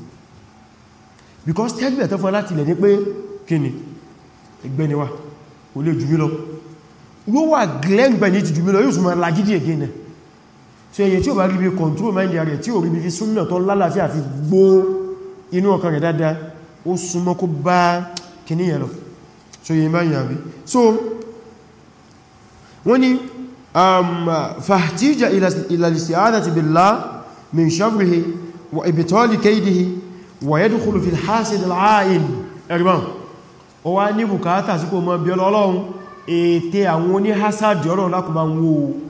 because tẹ́jú ẹ̀tọ́ fún láti ilẹ̀ ní pé kíni ẹgbẹ́ ni wa kò lè jùmí lọ yóò wà glẹ́gbẹ̀ ní ti jùmí lọ yóò súnmọ́ lagidi again so èyí tí ó bá rí bí control mind rẹ̀ tí ó rí bí fi súnnà tó lálàáfíà àti gbó inú ọkàn rẹ̀ dáadáa ó súnmọ́ kó bá kìní yẹn so yìí máa yàrí so wọ́n ni um, fàtíjà ìlàlìsì àádàtì billah min shavrihi wa ibitoli kaidihi wa yadkhulu fil hasid al'ain ẹ̀rìbọn ó wá ní bùkátà sí kò mọ́ bí ọlọ́run ète àwọn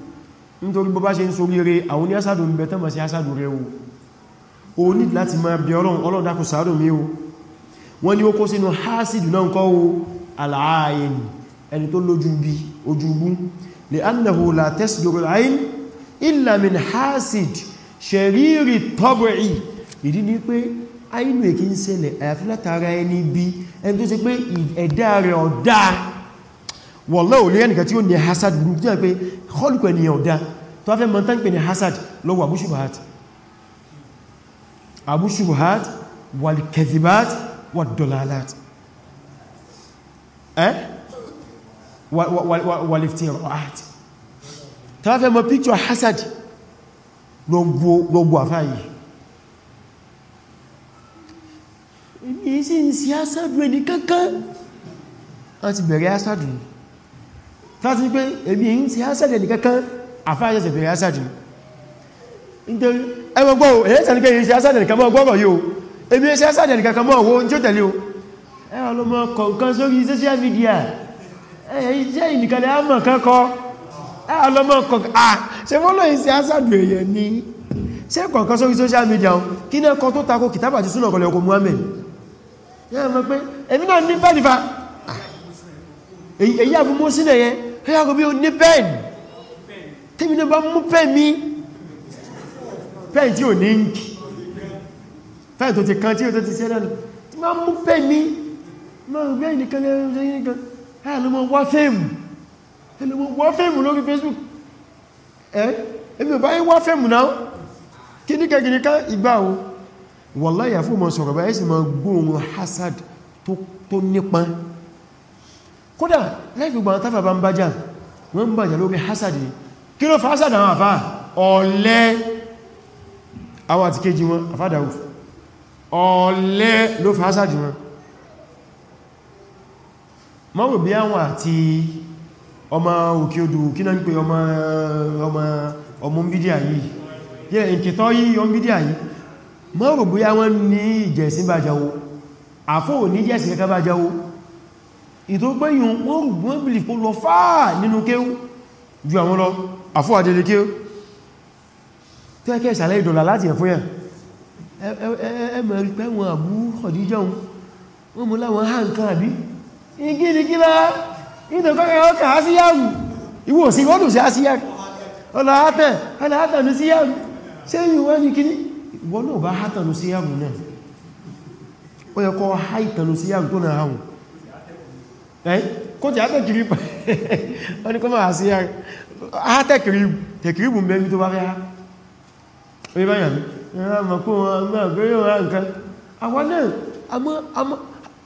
nítorí bó bá ṣe ń sórí rẹ̀ àwọn ní asádùn bẹ̀ tán mọ̀ sí asádùn rẹ̀ o ní láti máa bí ọlọ́run ọlọ́run dákù sàádùn mi o wọ́n ni ó kó sínú hásìdù náà kọ́ o aláàyìn ẹni tó lójú bí ojúgbú e lè annahu la tasduru wọ̀lọ́ òlé ẹnìkan tí ó ní hasad group ọ̀dá tó wá fẹ́ mọ̀ tán pè ní hasad lọ́wọ́ abúṣubuhat abúṣubuhat walkezibat wadolalat eh waliftirat tó wá fẹ́ mọ̀ picture hasad lọ́gbọ́ àfáyì ní sí ń sí hasadu ẹni kankan wọ́n ti bẹ̀rẹ̀ hasadu láti pé èmi ń sí hasadu ẹni kankan àfáàjẹsẹ̀ bẹ̀rẹ̀ asad nítorí ẹgbẹ̀gbọ́ ẹ̀yẹ́sẹ̀ ní kẹ́yẹ́ sí asad nìkan mọ́ gbọ́rọ̀ yóò ebi ẹsẹ̀ asad nìkan kan mọ́ owó tí ó tẹ̀lé o ẹ̀rọ ló mọ́ kọ̀ọ̀kan sórí social media ẹ̀yẹ́ ìnìkanlẹ̀ àmọ̀ kankọ́ ẹ̀rọ ló mọ́ kọ̀ọ̀kan èyí àbúmọ́ sílẹ̀ yẹn ẹ̀yà kò bí o ní bẹ́ẹ̀ni tèmi náà bá mú pẹ́ mi pẹ́ tí ò ní ń kì pẹ́ tó ti kan tí ó tó ti ṣẹ́ lẹ́nu tí má mú pẹ́ mi má gbé ìnìkan lẹ́yìnkan ẹlùmọ̀ wá fẹ́mù ẹlùmọ̀ wá fẹ́mù lórí Facebook ẹ́ ẹbí ò bá yí wá fẹ́mù náà kí ní kẹgìrì ká ìgbà o wallahi hasad tó nípa kódà láìfìgbà táfà bá ń bájá wọ́n kí ló fásà náà àfá ọ̀lẹ́ àwọn àti kéjì wọn àfádàwò ọ̀lẹ́ ló fásà jù wọn mọ́rùn bí àwọn àti ọmọ òkè odò kí náà ń pè ọmọ ọmọ mídíà yìí yẹ́ ìkẹtọ́ yìí ọmọ mídíà yìí mọ́rùn bí àwọn ní ìjẹ̀sìn bá jáwó àfóò ìtò gbẹ́yìn wọ́n rùgbọ́n bìlì kó lọ fáà nínú kéwú ju àwọn lọ àfúwà délé kí ó tẹ́ẹ̀kẹ́ ìsàlẹ̀ ìdọ̀là láti ẹ̀fún yà ẹmẹ̀rí pé wọn àbú ọ̀díjọ́ wọn mú láwọn ha nǹkan àbí igi ni kí láá ìdọ̀kọ́kẹ́ ọkà á sí yàrù ìwò sí ọdún sí á sí yàrù ọlọ́hátẹ̀ ọlọ́hátẹ̀nù sí yàrù ṣe yìí wọ́n ní kíní ìwọ náà bá hátẹ̀nù sí yàrù náà ó yẹ kọ́ háìtẹ̀nù sí yàrù tó náà hàn kó ti hátẹ̀ kiri pẹ̀lú ọ a ah, tẹ̀kìrìbù tẹ̀kìrìbù mẹ́rin tó bá rí a orí báyà ní ìrànmọ̀ kó wọn gbá àgbẹ́rẹ́ ọ̀rá nǹkan àwọn náà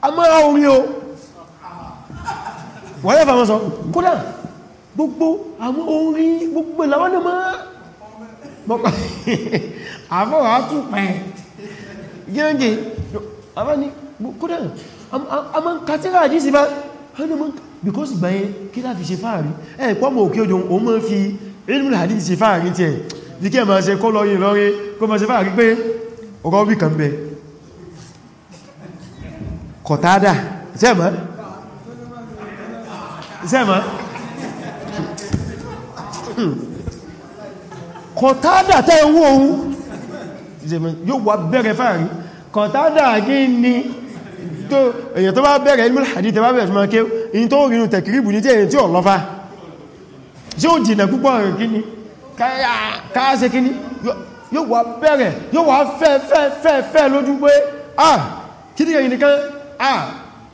a mọ́ra orí o wọ́n yẹ́ fàmọ́sọ kódà gbogbo àwọn orí gbogbo ìlàwọ́n náà mọ́ra àfọ́wà tún pẹ̀ gẹ́gẹ́ because ìgbà yẹn kí láfi ṣe fáàrí ẹ̀ pọ́mọ̀ òkè òjò o mọ́ fi ilmul hadith ṣe fáàrí tí ẹ̀ di kí ẹ máa ṣe kọ́ lọ́yìn lọ́rin kó máa ṣe fáàrí pé ọkọ̀ wí kan bẹ kọ̀tádà sẹ́mọ́ sẹ́mọ́ kọ̀tádà tẹ́ ń wó ohun yóò wà bẹ̀rẹ̀ fáàrí kọ̀tádà gí ni tó èyàn tó bá bẹ̀rẹ̀ ilmul hadith tẹ bá bẹ̀rẹ̀ fún akéw in tó rínú tẹ̀kìrìbù ní tí èyàn tí ò lọ́fà tí ó jìnà púpọ̀ rẹ̀ kíní káyáṣe kíní yóò wà bẹ̀rẹ̀ yóò wà fẹ́ fẹ́ fẹ́ fẹ́ lójú pé ah kí ní ẹ̀yìn nìkan ah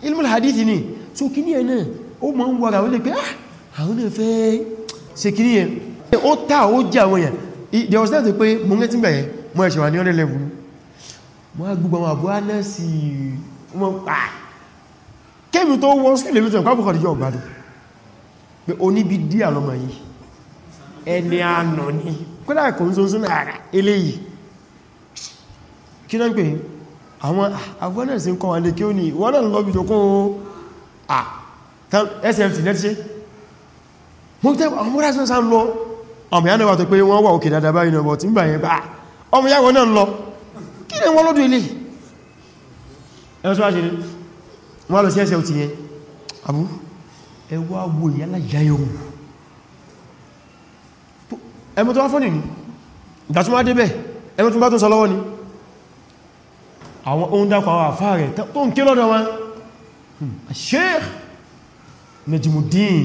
ilmul hadith ni tó kíní ẹ̀ náà ó mọ̀ ń wọ́ra ó lè pé ah àwọn náà fẹ́ ṣe kíní ẹ̀ ó tà ó jẹ́ àwọn èèyàn there was that pé mo ń rẹ́ tí bẹ̀rẹ̀ mo ẹ̀ṣẹ̀ wà ní ọ̀rẹ́ level mo á gbogbo àwọn àbúrá náà sí wọ́n pa kébì tó wọ́n sí ilé-ìlú tẹ̀kọ́ àbúkọ̀ ìjọ ọ̀gbádùn pé oníbi dí àlọ́mà yìí ẹni ànà ní kódà kò ń sọ́nsọ́ náà eléyìí kí náà ń pè àwọn afghanistan ń kọ́ wà lè kí ó ní wọ́n náà lọ́bí tó kún à smt lẹ́tíṣẹ́ ọmọ ìyá náà ẹwọ́n sọ́wọ́ ṣìrí wọ́n lọ sí ẹsẹ̀ òtì yẹn àbú ẹwọ́ àwọ̀ ìyálà yáyọ̀wò ẹmọ tó wá fọ́nì ní ìdàtúnmá débẹ̀ ẹmọ tó bá tó sọ lọ́wọ́ ni àwọn ohun dákọ̀ àwọn àfá rẹ̀ tó ń ké lọ́dọ̀ wọn Sheikh Najmuddin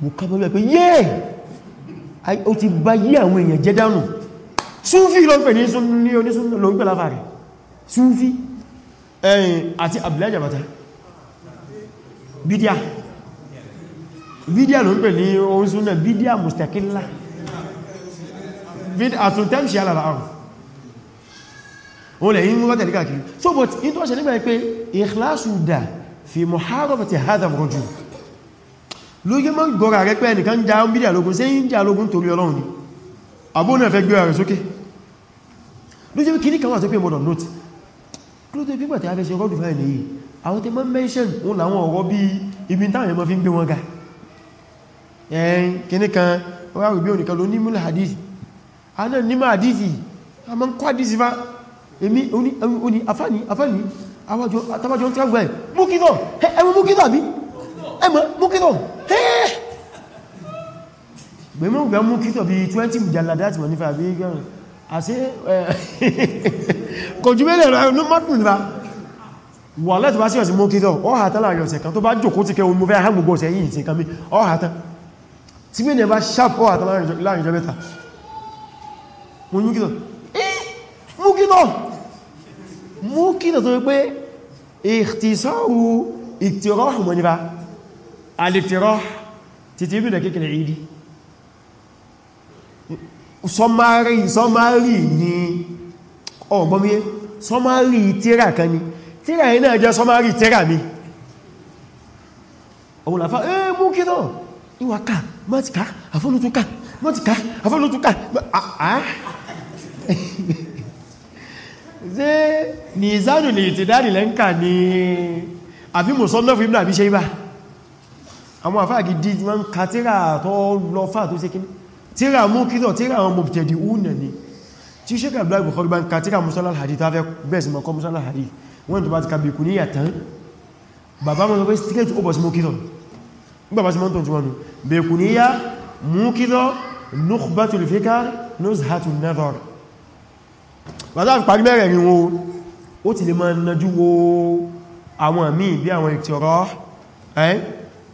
mo kábọ́lọ́ ẹ̀ pé yẹ́ ó ti bá yí àwọn èèyàn jẹ́ dánù súnfí lọ́pẹ̀ ní onísún lórí pẹ̀láfà rẹ̀ súfí ẹ̀yìn àti abúlẹ́jàbátá bídíà bídíà ló ń pè ní oun súnà bídíà mustaqilla àtúntẹ́mṣì alára àrùn oun lè yí mú wọ́tẹ̀ so but in tó ṣe nígbà pé ikhlasu dà fi muharabati hadha rajul lóyé mọ́ gọ́ra rẹ̀ pé ẹnìkan já ń bídíà lógún sí ń já lógún torí ọlọ́run ni àbónà fẹ́ gbé ọ̀rẹ̀ kí ló tó pípàtí a fẹ́ ṣe rọ́dù fáìlì yìí àwọn tí mọ́ mẹ́ṣẹ́n òun làwọn ọ̀rọ̀ bí ibi táwọn ẹmọ́ fi ń gbé wọn ga ẹ̀yìn kìní kan ọ̀rọ̀ ìbí òníkan ló ní múlẹ̀ hadith a náà ní máa hadith a máa ń kọ́ hadith fa èmi oní afáni afáni tàbájọ ń tírágbà ẹ̀ àṣí kòjú mẹ́lẹ̀ rẹ̀ ní mọ́tún nípa wà lẹ́tọ̀ bá sí ọ̀sí mọ́ kí tọ́ ọ̀há tán láàrin ọ̀sẹ̀ kan tó bá jòkó ti kẹwọ́n mú fẹ́ ha gbogbo ọ̀sẹ̀ yìí ti kàmí ọ̀há tán tí mẹ́lẹ̀ bá sáp ọ̀há tán láàrin ọjọ́ mẹ́ta mú kí tọ́ tó wípé ìtìsọ́rù ìtìrọ́ sọmárì sọmárì ní ọgbọ́mí oh, sọmárì tíra kan ni tíra yìí náà jẹ́ sọmárì tíra mi ọmọlá fà ẹ́ mú kí náà ìwà ká mọ́tíká àfọ́lótúká mọ́tíká àfọ́lótúká ṣe ni ìzánù lè ti dáàdì lẹ́nkà ni àbí mùsọ́nà fún ìbìnà àbí ṣe ibá àwọn àfáà gidi wọ́n kàtírà tó lọ fà tó ṣe kíní tíra mú kírọ̀ tíra àwọn mọ̀bìtẹ̀dì únà ni tí ṣe kà bláì Bukhari bá ń ka tíra musalal hadith tafẹ́ bẹ́ẹ̀sì mọ̀kọ́ musalal hadith wọ́n tó bá ti ka bí kù ní yàtàn bàbá mọ́ pé straight over sí mú kírọ̀ bàbá sí mọ́ntọ̀ tí wọ́n bí kù ní yá mú kírọ̀ nukhbatul fikar nuzhatun nazar bàtà fi parí mẹ́rẹ̀ rí wọn ó ti lè máa najú wo àwọn míì bí àwọn ìtìrọ̀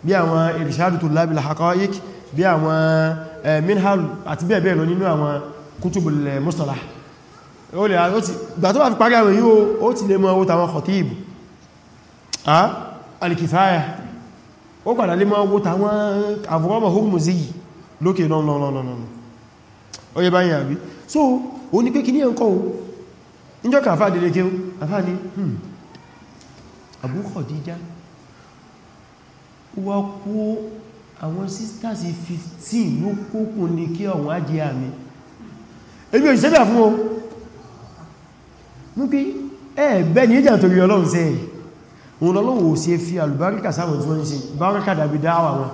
bí àwọn irshadu tullabil haqa'iq bí àwọn Eh, minhal àti bẹ́ẹ̀ bẹ́ẹ̀ lọ nínú àwọn kútùbùl eh, mustalah ó lè gbà tó bá fi parí àwọn yíò ó ti lè mọ́ owó tàwọn khatib ah, al-kifaya ó padà lè mọ́ owó tàwọn àfọwọ́mọ̀ so o níjọ́ kan àfáà dédé kéw àfáà ní hmm, àwọn sisters 15 ló kókùn ní kí ọ̀wọ̀n ajé àmì ebi òṣìṣẹ́bẹ̀ fún o mú kí ẹ̀ẹ̀bẹ́ ní ìjà torí ọlọ́run sẹ́ òun ọlọ́run ò sí fi alùbáríkà sáwọn tí wọ́n ń ṣe báríkà dàbí dáwà wọn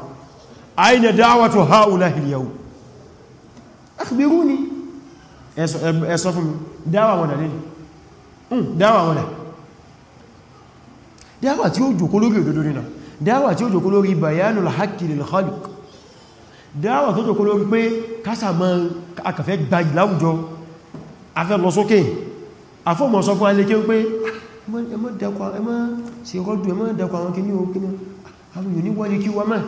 àìyàn dáwà tó ha ò dáwà tí ó jòkó lórí bayanul haqqi lil khalq dáwà tó jòkó lórí pé kásàmọ́ akàfẹ́ gbajú láwùjọ afẹ́ lọ sókè afọ́mọ̀ sọ fún aléké pé ẹmọ́ dẹkọ ẹmọ́ sí rọ́dù ẹmọ́ dẹkọ àwọn kìíní òkìíní àwọn yìí ní wọ́lé kí wọ́n mẹ́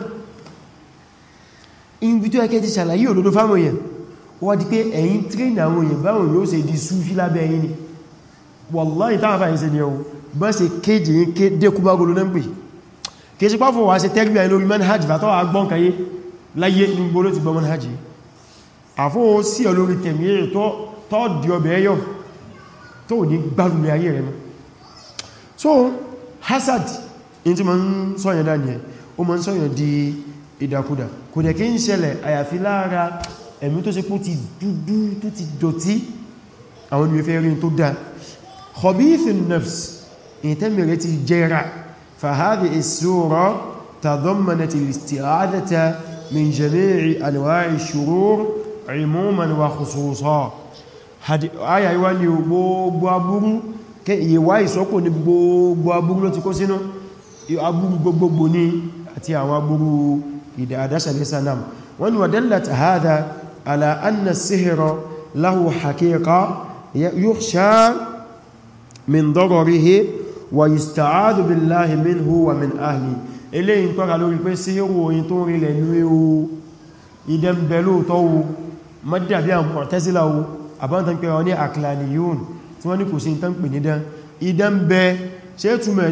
in bí tó ẹkẹ́ ti ṣàlàyé òdodo fáwọn èèyàn wọ́n di ni wallahi táwọn fàyẹ̀ kìí sí pàfún wà sí tẹ́gbẹ̀ lórí manhajj bá tọ́wà gbọ́n kayé láyé ní gbogbo ti gbọ́ manhajj àfóhó sí olórí tẹ̀mí èrè tọ́ di ọbẹ̀ ẹyọ tó ní gbárùlẹ̀ ayé rẹ̀ so hasad in ti ma ń sọ́yàn dá o ma ń sọ́yàn di ìdàkudà kò dẹ̀ kí ń ṣẹlẹ̀ àyàfi lára ẹ̀mí tó ṣe kó ti dúdú tó ti dọ̀tí àwọn olùfẹ́ rí tó dá فهذه السورة تضمنت الاستعادة من جميع أنواع الشرور عموما وخصوصا آية يواني gbogbo aburú kí ìwà ìsọ́kò ní gbogbo aburú ló ti kó sínú aburú gbogbogbò ní àti àwọn aburú ìdá àdáṣàlẹ̀ sanam wọ́n ودلت هذا على أن السحر له حقيقة يخشى من ضرره wa yusta'adhu billahi minhu wa min ahli ilé ìtọ́ra lórí pé sí yóò oyin tó rí lẹ́nu ewu ìdẹ́mbẹ̀ lóòtọ́ wu mọ́dàbí àwọn Mu'tazila wu àbántàn pẹ̀rọ ní àkìlàníyùn tí wọ́n ní kò sí ìtàn pè nídán ìdẹ́mbẹ̀ ṣe túnmẹ̀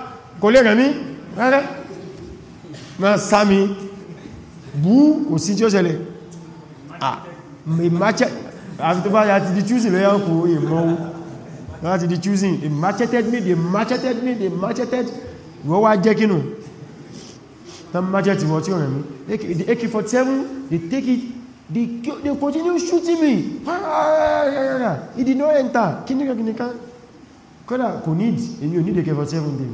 kò lè rẹ̀ mí rárá ma sámi bú kò sí tí ó ṣẹlẹ̀ àfi tó bá yá ti di choosing lẹ́yàn kò ìmọ̀wó láti di choosing a macheted need a macheted need a macheted wọ́n wá jẹ́ kínú tán machete wọ́n tí ó rẹ̀ mí the AK-47 they take it they, they continue shooting me it did not enter kíníkà kíníkà kódà kò need èmi ò need AK-47 baby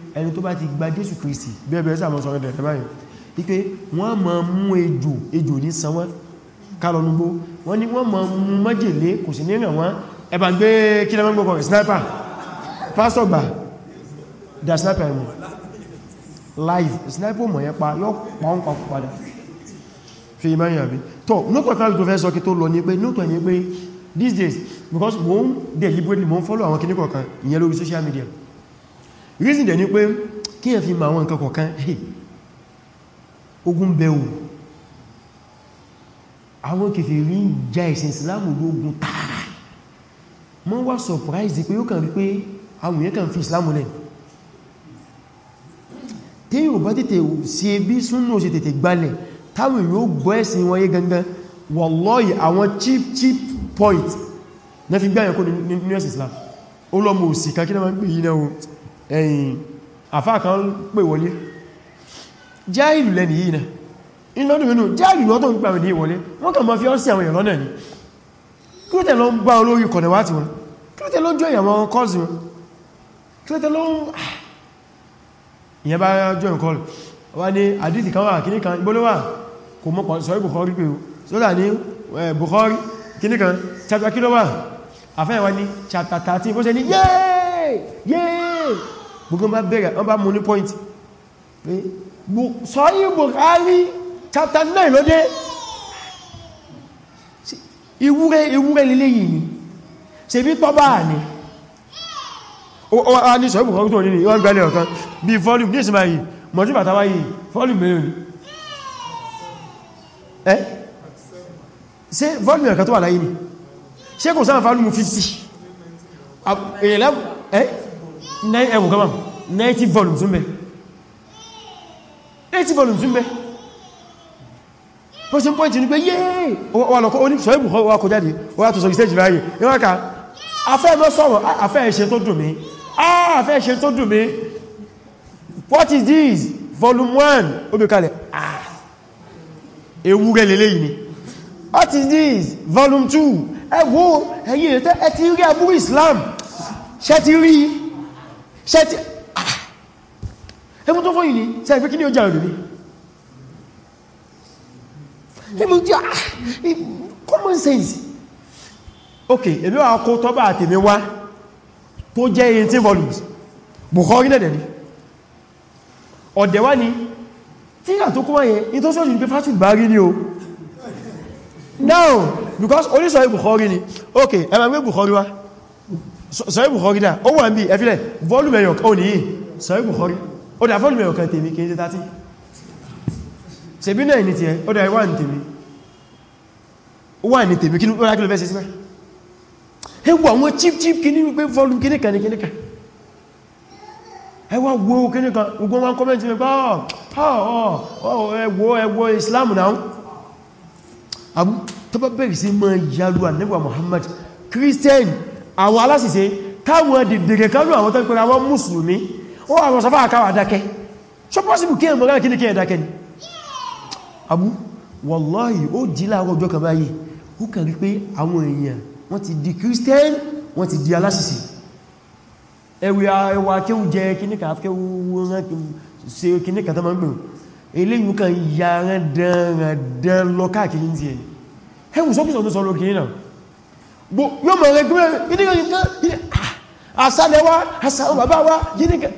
ẹni tó bá ti gba Jésù Kristi bẹ́ẹ̀bẹ̀ẹ́ sàmọ́ sọ̀rọ̀ dẹ̀rẹ̀ báyìí wípé wọ́n ma mú ejò ejò ní sanwọ́n kálọ̀nugbó wọ́n ni wọ́n ma mú májèlé kò sí ní ìrìn wọn ẹba gbé kí lẹ́mọ́ gbogbo rẹ̀ sniper pastor gba da sniper mọ̀ live sniper mọ̀ yẹn pa yóò pàún papọ̀ padà fi ìmáyìn àbí tọ́ nókọ̀ kan tó fẹ́ sọ kí tó lọ ní pé nókọ̀ ní pé these days because mo ń deliberately mo ń follow àwọn kíníkọ̀ kan ìyẹn lórí social media reason dẹ̀ ni pé kí ẹ fi ma àwọn nǹkan kọ̀ọ̀kan ogun bẹ̀wò àwọn kìfì rí já ìsìn Islam lógun tààrà mọ́ wá surprise pé yóò kàn rí pé àwọn èèyàn kàn fi Islam lẹ́ tí yóò bá tètè sí ebí súnmọ́ sí tètè gbalẹ̀ táwọn yóò gbọ́ ẹ̀sìn wọ́n yé gangan wallahi àwọn cheap cheap point na fi gbáyàn kó ní us Islam ó lọ́mọ̀ òsì kakínà máa ń pè yí náà ẹ̀yìn àfá kan ń pè wọlé jẹ́ ìlú lẹ́ni yìí náà inlọ́dún inú jẹ́ ìlú lọ́tọ̀ ń pàwẹ̀ ní ìwọlé wọ́n kàn mọ́ fi ọ́sí àwọn ìrọ́nà ni kílótẹ̀ lọ ń bá olórí kọ̀nẹ̀wàtí wọn kílótẹ̀ lọ ń jọ ìyàwó kọ́ọ̀sì wọn kílótẹ̀ lọ ń ah! ìyẹn bá jọ ìkọlù wá ní àdìsì kan wà kíní kan ìgbólówà kò mọ́ sọ Bukhari pé sódà ní Bukhari kíní kan chapter kílówà àfẹ́yẹ̀wá ní chapter 13 bó ṣe ní yéé yéé gbogbo bá bẹ̀rẹ̀ wọ́n bá mú ní point sọ́yí Bukhari chapter 9 ló dé ìwúrẹ́ ìwúrẹ́ lílé yìí ni ṣe bí tọ́bà ní ọwọ́ ní sọ́yí Bukhari tó ní ìwọ́n gbẹ̀lẹ̀ ọ̀kan bí volume ní ìsinmi yìí mọ̀jú bàtàwà yìí volume mẹ́rin ẹ́ ṣe volume ọ̀kan tó wà láyé ni ṣe kò sáà volume 50 ẹwù gama 90 volumes ń bẹ 80 volumes ń bẹ person point ní pé yéé wà lọ́kọ́ oní ṣọ́ìbù wà kò jáde wà tó sọ ìsẹ́jì láyé ìwọ́nká afẹ́ mọ́ sọ̀rọ̀ afẹ́ ẹ̀ṣẹ́ tó dùn mí afẹ́ ẹ̀ṣẹ́ tó dùn mí what is this volume 1 obìkalẹ̀ ah ewu rẹ̀ lélẹ́yìí ni what is this volume 2 ẹwọ́ ẹ̀yìn ẹ̀tẹ́ ẹ̀ ti rí abúrú Islam ṣẹ́ ti rí ṣẹ́tí ẹmú ah! tó fún yìí ní ṣẹ́fẹ́ kí ní ọjà rẹ̀ ní ẹmú tí a ah! common sense ok èmi wà kó tọ́bà àtèmi wá tó jẹ́ 18 volumes Bukhari nẹ̀dẹ̀ ní ọ̀dẹ̀ wá ní tí ìrà tó kó wáyé ní tó sọ́jú ní pé fásitì bá rí ní o now because only oníṣọ́ Bukhari ni Okay. ẹmà gbé Bukhari wá sọ́yí bukhari dá ó wà ń bí ẹfílẹ̀ volume ẹyọ kan ní yìí sọ́yí bukhari ó dá volume ẹyọ kan tèmi kí ní tàtí ṣe bí náà ní ti ẹ ó dá wà ní tèmi wà ní tèmi kí ní ó rákí lọ fẹ́ sí símẹ́ ẹwọ àwọn chip chip kí ní wípé volume kí ní kan ní kí ní kan ẹwà wo kí ní kan gbogbo wọn kọ́mẹ́ntì nípa ẹwọ ẹwọ islam náà abu tó bá bẹ̀rẹ̀ sí mọ́ yalu anẹ́gbà muhammad christian àwọn aláṣìṣe káwọn dìdìrẹ̀ kánú àwọn tán pẹ̀lú àwọn mùsùlùmí ó àwọn sọfá àkáwà dákẹ́ ṣe pọ́sìbù kí ẹmọ̀ rákí ní kí ẹ̀dákẹ́ ni abú wallahi ó jí láàrọ̀ ọjọ́ kan báyìí ó kàn rí pé àwọn èèyàn wọ́n ti di Christian wọ́n ti di aláṣìṣe ẹwì ẹwà kéhù jẹ kíníkà kéhù ṣe kíníkà tó máa ń gbèrò yóò mọ̀ rẹ̀ gbé ìdíkà nǹkan àsálẹ̀ wá àsàrò bàbá wá yínìkà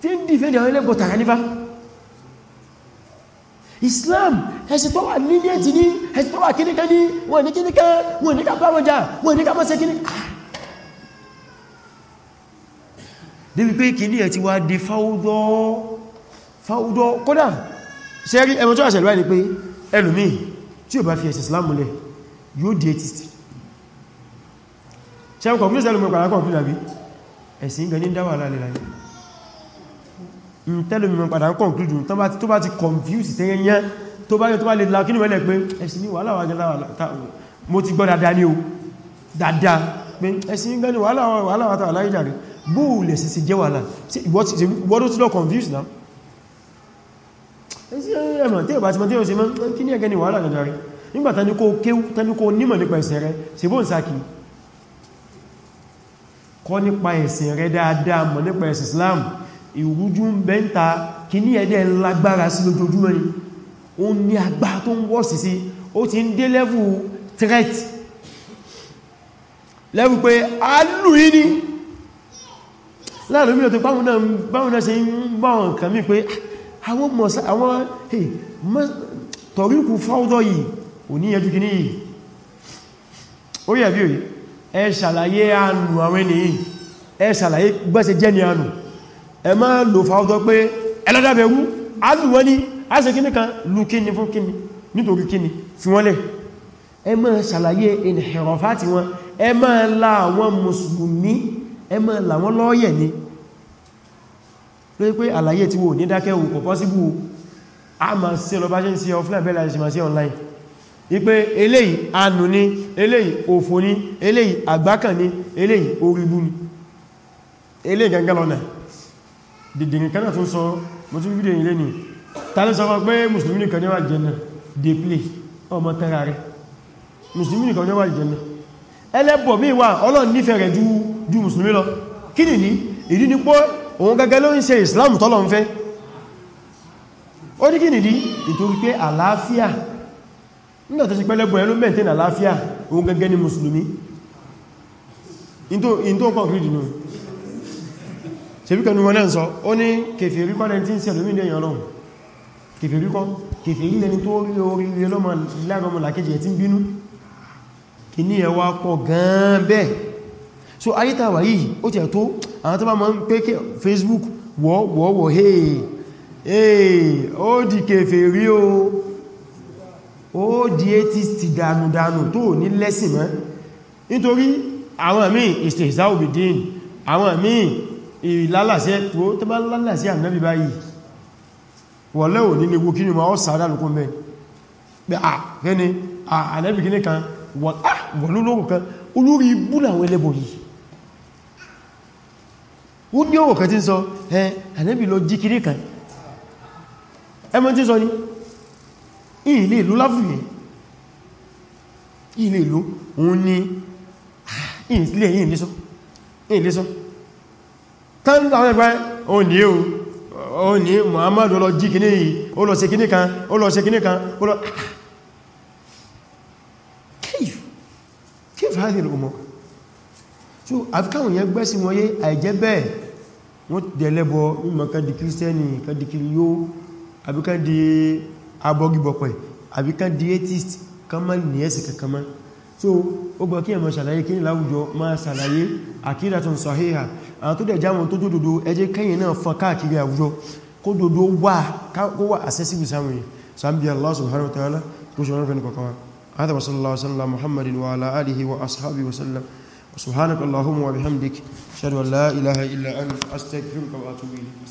tí ń dìfẹ́ ìdíwọ̀n ilẹ̀ bọ̀tàrà nífà Islam ẹ̀sìn tó wà nílé ti ní ẹ̀sìn tó wà kíníkà ní wọ́n ní kíníkà wọ́n ní kàbá wọn jà wọ́n ní kàbá ṣe kíníkà ah. débi pé kíní ẹ̀ ti wá di fáúdọ́ fáúdọ́ kódà sẹ́rí ẹmọ tó àṣẹ̀lú ẹni pé ẹlòmí tí Islam múlẹ̀ yóò di atheist ṣe ń kọ̀pílù sẹ́lùmù pàdà kọ̀pílù àbí ẹ̀sìn gan ní dáwà lálẹ́ láyé tẹ́lùmù pàdà kọ̀pílù tó bá ti confuse tẹ́yẹnyẹ tó bá yẹ tó bá lè lákínú mẹ́lẹ̀ pé ẹ̀sìn ní wàhálà wà gẹ́lá mo ti gbọ́ dáadáa ní o dáadáa pé ẹ̀sìn gan ní wàhálà wà tàwà láyé jàre bóòlẹ̀ sí ti jẹ́ wàhálà ìwọ́dó tí lọ confuse náà ẹ̀sìn ẹ̀mọ̀ tí ò bá ti mọ́ tí ó se mọ́ kí ní ẹgẹ́ ní wàhálà gẹ́gẹ́ nígbàtà ní kó kéwú tàbí kó nímọ̀ nípa ẹ̀sẹ̀ rẹ̀ ṣe bóòn sákìí kọ́ nípa ẹ̀sìn rẹ dáadáa mọ̀ nípa ẹ̀sìn Islam ìrújú ń bẹ́ ń ta kí ní ẹ̀dẹ́ lágbára sí lójoojúmọ́ ni ó ní agbá tó ń wọ́sì sí ó ti ń dé level threat level pé a lù í ní láàrín mílò ò ah, ní ẹ ṣàlàyé ànù àwọn ènìyàn ẹ ṣàlàyé gbẹ́sẹ̀ jẹ́ ni ànù ẹ máa lò fàájọ́ pé ẹlọ́dàbẹ̀wú alùwọ́n ni a ṣe kíní kan lù kíní fún kíní nítorí kíní fi wọ́n lẹ̀ ẹ máa ṣàlàyé inhirafati wọn la àwọn mùsùlùmí ẹ máa là wọ́n lọ́yẹ̀ ni lórí pé àlàyé online wípé eléyìí anù ní eléyìí òfò ní eléyìí àgbákàn ní eléyìí orígbú ní eléyìí gangan lọ́nà dìdìrìn kan náà tún sọ mọ́tí fídíò ilé ni tàbí sọ pé mùsùlùmí nìkan ní wà jẹ́nà dèplé ọmọ tẹ́ra rẹ̀ mùsùlùmí nìkan ní wà jẹ́nà ẹlẹ́bọ̀ mí wà ọlọ́run nífẹ̀ẹ́ rẹ̀ ju ju mùsùlùmí lọ kí nìdí ìdí ni pé òun gẹ́gẹ́ ló ń ṣe islam tọ́lọ̀ ń fẹ́ ó ní kí nìdí ìtorí pé àlàáfíà nígbà tó ṣe pẹ́lẹ́bọ̀ ẹ̀ ló maintain àláfíà òun gẹ́gẹ́ ní mùsùlùmí in tó pọ̀ gírídì nù ṣebíkanú wọn náà sọ ó ní kèfèrí kọ́ lẹ́ntí sí ẹ̀lómí ní ẹ̀yàn lọ́wọ́ kèfèrí kọ́ kèfèrí lẹ́ni tó rí orí lẹ́lọ́mọ làkejì ẹ̀ tí ń bínú kì ní ẹwà pọ̀ gan bẹ́ẹ̀ so ayítàwà yìí ó tẹ̀ tó àwọn tó bá mọ́ ń pé Facebook wọ́wọ́wọ́ hey hey ó di kèfèrí o ó di atheist dànùdànù tó ní lẹ́sìn mọ́ nítorí àwọn míì ìsìnṣà òbìdín àwọn míì ìlálàsẹ́ tó tó bá lálàsẹ́ ànábì báyìí wọ́n lẹ́wọ̀ ní lewó kí ni ma ó sáadà lókún mẹ́ pé à fẹ́ni ànábì kí ní kan wọ́n lóòrùn kan olórí ibú làwọn ẹlẹ́bọ̀ yìí ó ní ọ̀rọ̀ kan tí ń sọ ẹ ànábì lọ jí kiri kan ẹmọ tí ń sọ ni ilé ìlú láfìrí ilé ìlú òun ni ilé yìí ní sọ ilé sọ tán láwọn ẹgbẹ́ òun ní o òun ní Muhammadu lọ jí kìíní yìí ó lọ ṣe kìíní kan ó lọ ṣe kìíní kan ó lọ kíf kíf hádìí ọmọ so àfikáwọn yẹn gbẹ́sí wọ́n yé àìjẹ́ bẹ́ẹ̀ wọ́n tẹ̀lẹ́bọ̀ mímọ̀ kan di kírísítẹ́nì kan di kiri yóò àbíkan di abọ́gibọ̀pẹ̀ àbí kan di atheist kan mọ́ ní ẹ̀sì kankan mọ́ so ó gbọ́ kí ẹ̀mọ̀ ṣàlàyé kí ní láwùjọ máa ṣàlàyé àkídàtún sọ̀híhà àwọn tó dẹ̀ jámọ̀ tó jódòdó ẹjẹ́ kẹ́yìn náà fọn káàkiri àwùjọ kó dòdó wà kó wà accessible sáwọn yìí sàbí Allah subhanahu wa ta'ala kó ṣe rọ́fẹ́ ní kọ̀kọ́ wa hada wa sallallahu sallam muhammadin wa ala alihi wa ashabi